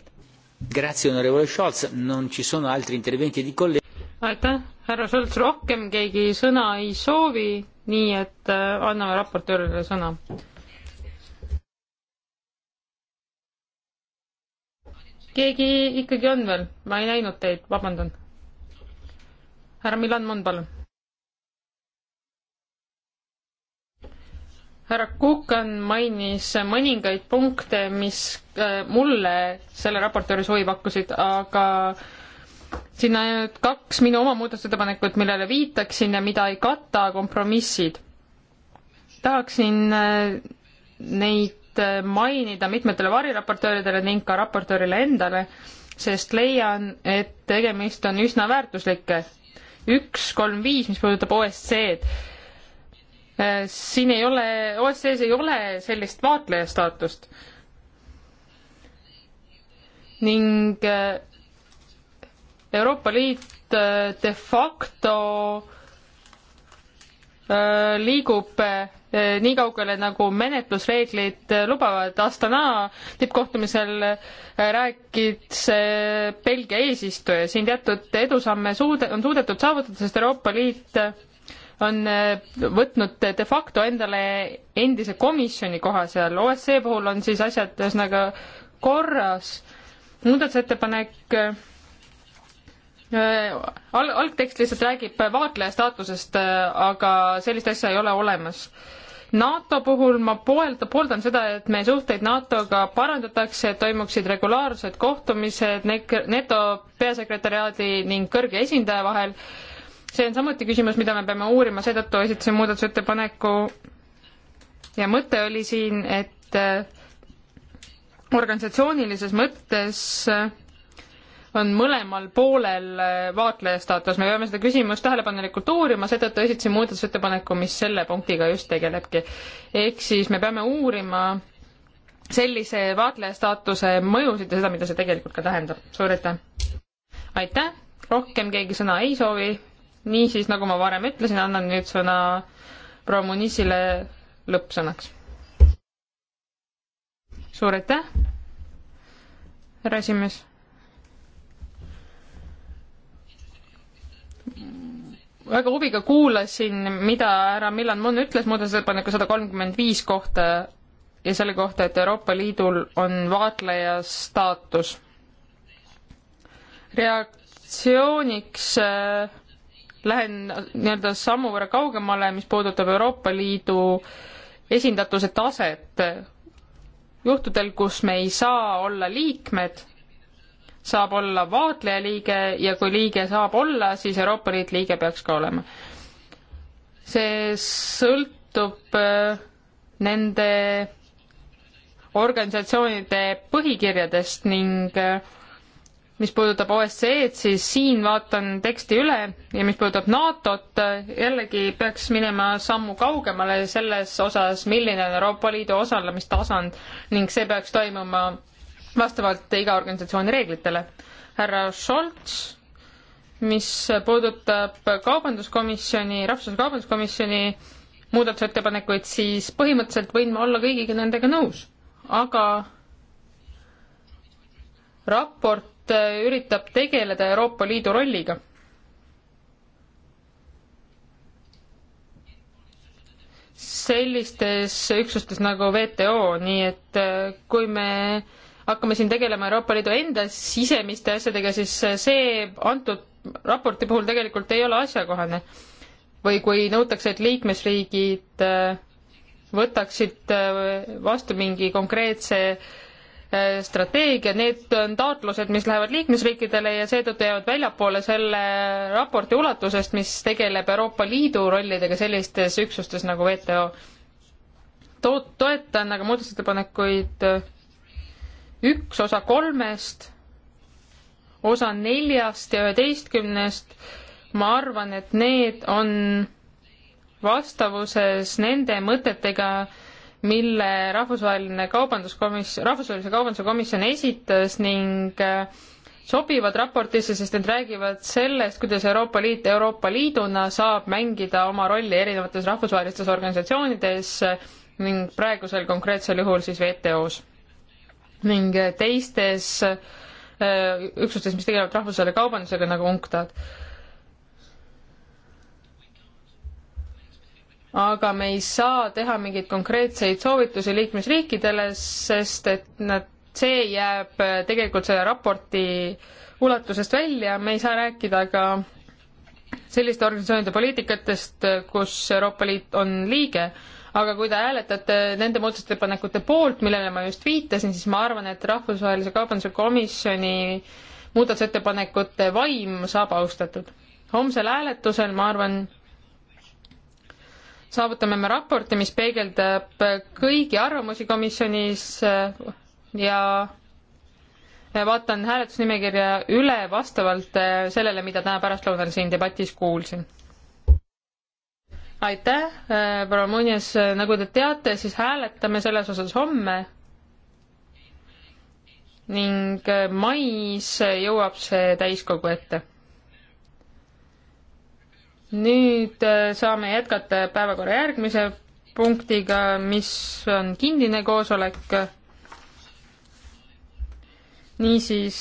Grazie, onorevole Scholz, non ci sono altri interventi di kolleeg- aitäh, härra Šolts, rohkem keegi sõna ei soovi, nii et äh, anname raportöörile sõna. keegi ikkagi on veel, ma ei näinud teid, vabandan. härra Milan Mon, palun. härra Kukan mainis mõningaid punkte, mis äh, mulle selle raportööri huvi pakkusid, aga äh, siin on ainult kaks minu oma muudatusettepanekut, millele viitaksin ja mida ei kata kompromissid. tahaksin äh, neid äh, mainida mitmetele variraportööridele ning ka raportöörile endale, sest leian, et tegemist on üsna väärtuslike. üks, kolm, viis, mis puudutab OSCE-d. Äh, siin ei ole, OSCE-s ei ole sellist vaatleja staatust. ning Euroopa Liit eh, de facto eh, liigub eh, nii kaugele, nagu menetlusreeglid lubavad. Astana tippkohtumisel rääkis Belgia eesistuja, siin teatud edusamme suude, on suudetud saavutada, sest Euroopa Liit on võtnud de facto endale endise komisjoni koha seal. OSCE puhul on siis asjad ühesõnaga korras. muudatusettepanek Äh, al-, algtekst lihtsalt räägib vaatleja staatusest, äh, aga sellist asja ei ole olemas. NATO puhul ma poelda, pooldan seda, et meie suhteid NATO-ga parandatakse, et toimuksid regulaarsed kohtumised NATO peasekretäriaadi ning kõrge esindaja vahel. see on samuti küsimus, mida me peame uurima, seetõttu esitasin muudatusettepaneku ja mõte oli siin, et äh, organisatsioonilises mõttes äh, on mõlemal poolel äh, vaatleja staatus, me peame seda küsimust tähelepanelikult uurima, seetõttu esitasin muudatusettepaneku, mis selle punktiga just tegelebki. ehk siis me peame uurima sellise vaatleja staatuse mõjusid ja seda, mida see tegelikult ka tähendab. suur aitäh! aitäh, rohkem keegi sõna ei soovi, niisiis, nagu ma varem ütlesin, annan nüüd sõna proua Munissile lõppsõnaks. suur aitäh, härra esimees väga huviga kuulasin, mida härra Milan Mon ütles muudatusettepaneku sada kolmkümmend viis kohta ja selle kohta, et Euroopa Liidul on vaatleja staatus. reaktsiooniks äh, lähen nii-öelda sammu võrra kaugemale, mis puudutab Euroopa Liidu esindatuse taset juhtudel, kus me ei saa olla liikmed, saab olla vaatlejaliige ja kui liige saab olla, siis Euroopa Liit liige peaks ka olema. see sõltub äh, nende organisatsioonide põhikirjadest ning äh, mis puudutab OSCE-d, siis siin vaatan teksti üle ja mis puudutab NATO-t, äh, jällegi peaks minema sammu kaugemale selles osas, milline on Euroopa Liidu osalemistasand ning see peaks toimuma vastavalt iga organisatsiooni reeglitele. härra Scholz, mis puudutab Kaubanduskomisjoni, Rahvusvahelise Kaubanduskomisjoni muudatusettepanekuid, siis põhimõtteliselt võin ma olla kõigiga nendega nõus, aga raport üritab tegeleda Euroopa Liidu rolliga. sellistes üksustes nagu WTO, nii et kui me hakkame siin tegelema Euroopa Liidu enda sisemiste asjadega, siis see antud raporti puhul tegelikult ei ole asjakohane. või kui nõutakse, et liikmesriigid äh, võtaksid äh, vastu mingi konkreetse äh, strateegia, need on taotlused, mis lähevad liikmesriikidele ja seetõttu jäävad väljapoole selle raporti ulatusest, mis tegeleb Euroopa Liidu rollidega sellistes üksustes nagu WTO. To-, toetan aga muudatusettepanekuid äh, üks osa kolmest, osa neljast ja üheteistkümnest, ma arvan, et need on vastavuses nende mõtetega, mille rahvusvaheline kaubanduskomis-, rahvusvahelise kaubanduse komisjon esitas ning äh, sobivad raportisse, sest need räägivad sellest, kuidas Euroopa Liit Euroopa Liiduna saab mängida oma rolli erinevates rahvusvahelistes organisatsioonides ning praegusel konkreetsel juhul siis WTO-s ning teistes äh, üksustes, mis tegelevad rahvusvahelise kaubandusega nagu UNCTAD. aga me ei saa teha mingeid konkreetseid soovitusi liikmesriikidele, sest et nad, see jääb tegelikult selle raporti ulatusest välja, me ei saa rääkida ka selliste organisatsioonide poliitikatest, kus Euroopa Liit on liige aga kui te hääletate nende muudatusettepanekute poolt, millele ma just viitasin, siis ma arvan, et Rahvusvahelise Kaubanduse Komisjoni muudatusettepanekute vaim saab austatud. homsel hääletusel, ma arvan, saavutame me raporti, mis peegeldab kõigi arvamusi komisjonis äh, ja vaatan hääletusnimekirja üle vastavalt äh, sellele, mida täna pärastlõunal siin debatis kuulsin aitäh, äh, proua Munjas, nagu te teate, siis hääletame selles osas homme. ning äh, mais jõuab see täiskogu ette. nüüd äh, saame jätkata päevakorra järgmise punktiga, mis on kinnine koosolek. niisiis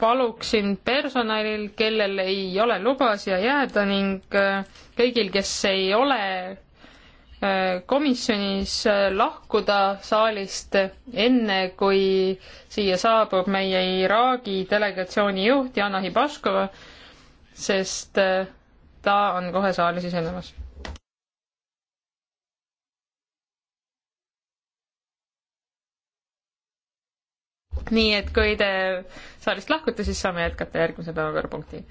paluksin personalil, kellel ei ole luba siia jääda ning äh, kõigil, kes ei ole äh, komisjonis äh, lahkuda saalist enne, kui siia saabub meie Iraagi delegatsiooni juht Jana Hibaškova, sest ta on kohe saali sisenemas nii et kui te saalist lahkute, siis saame jätkata järgmise päevakorrapunkti.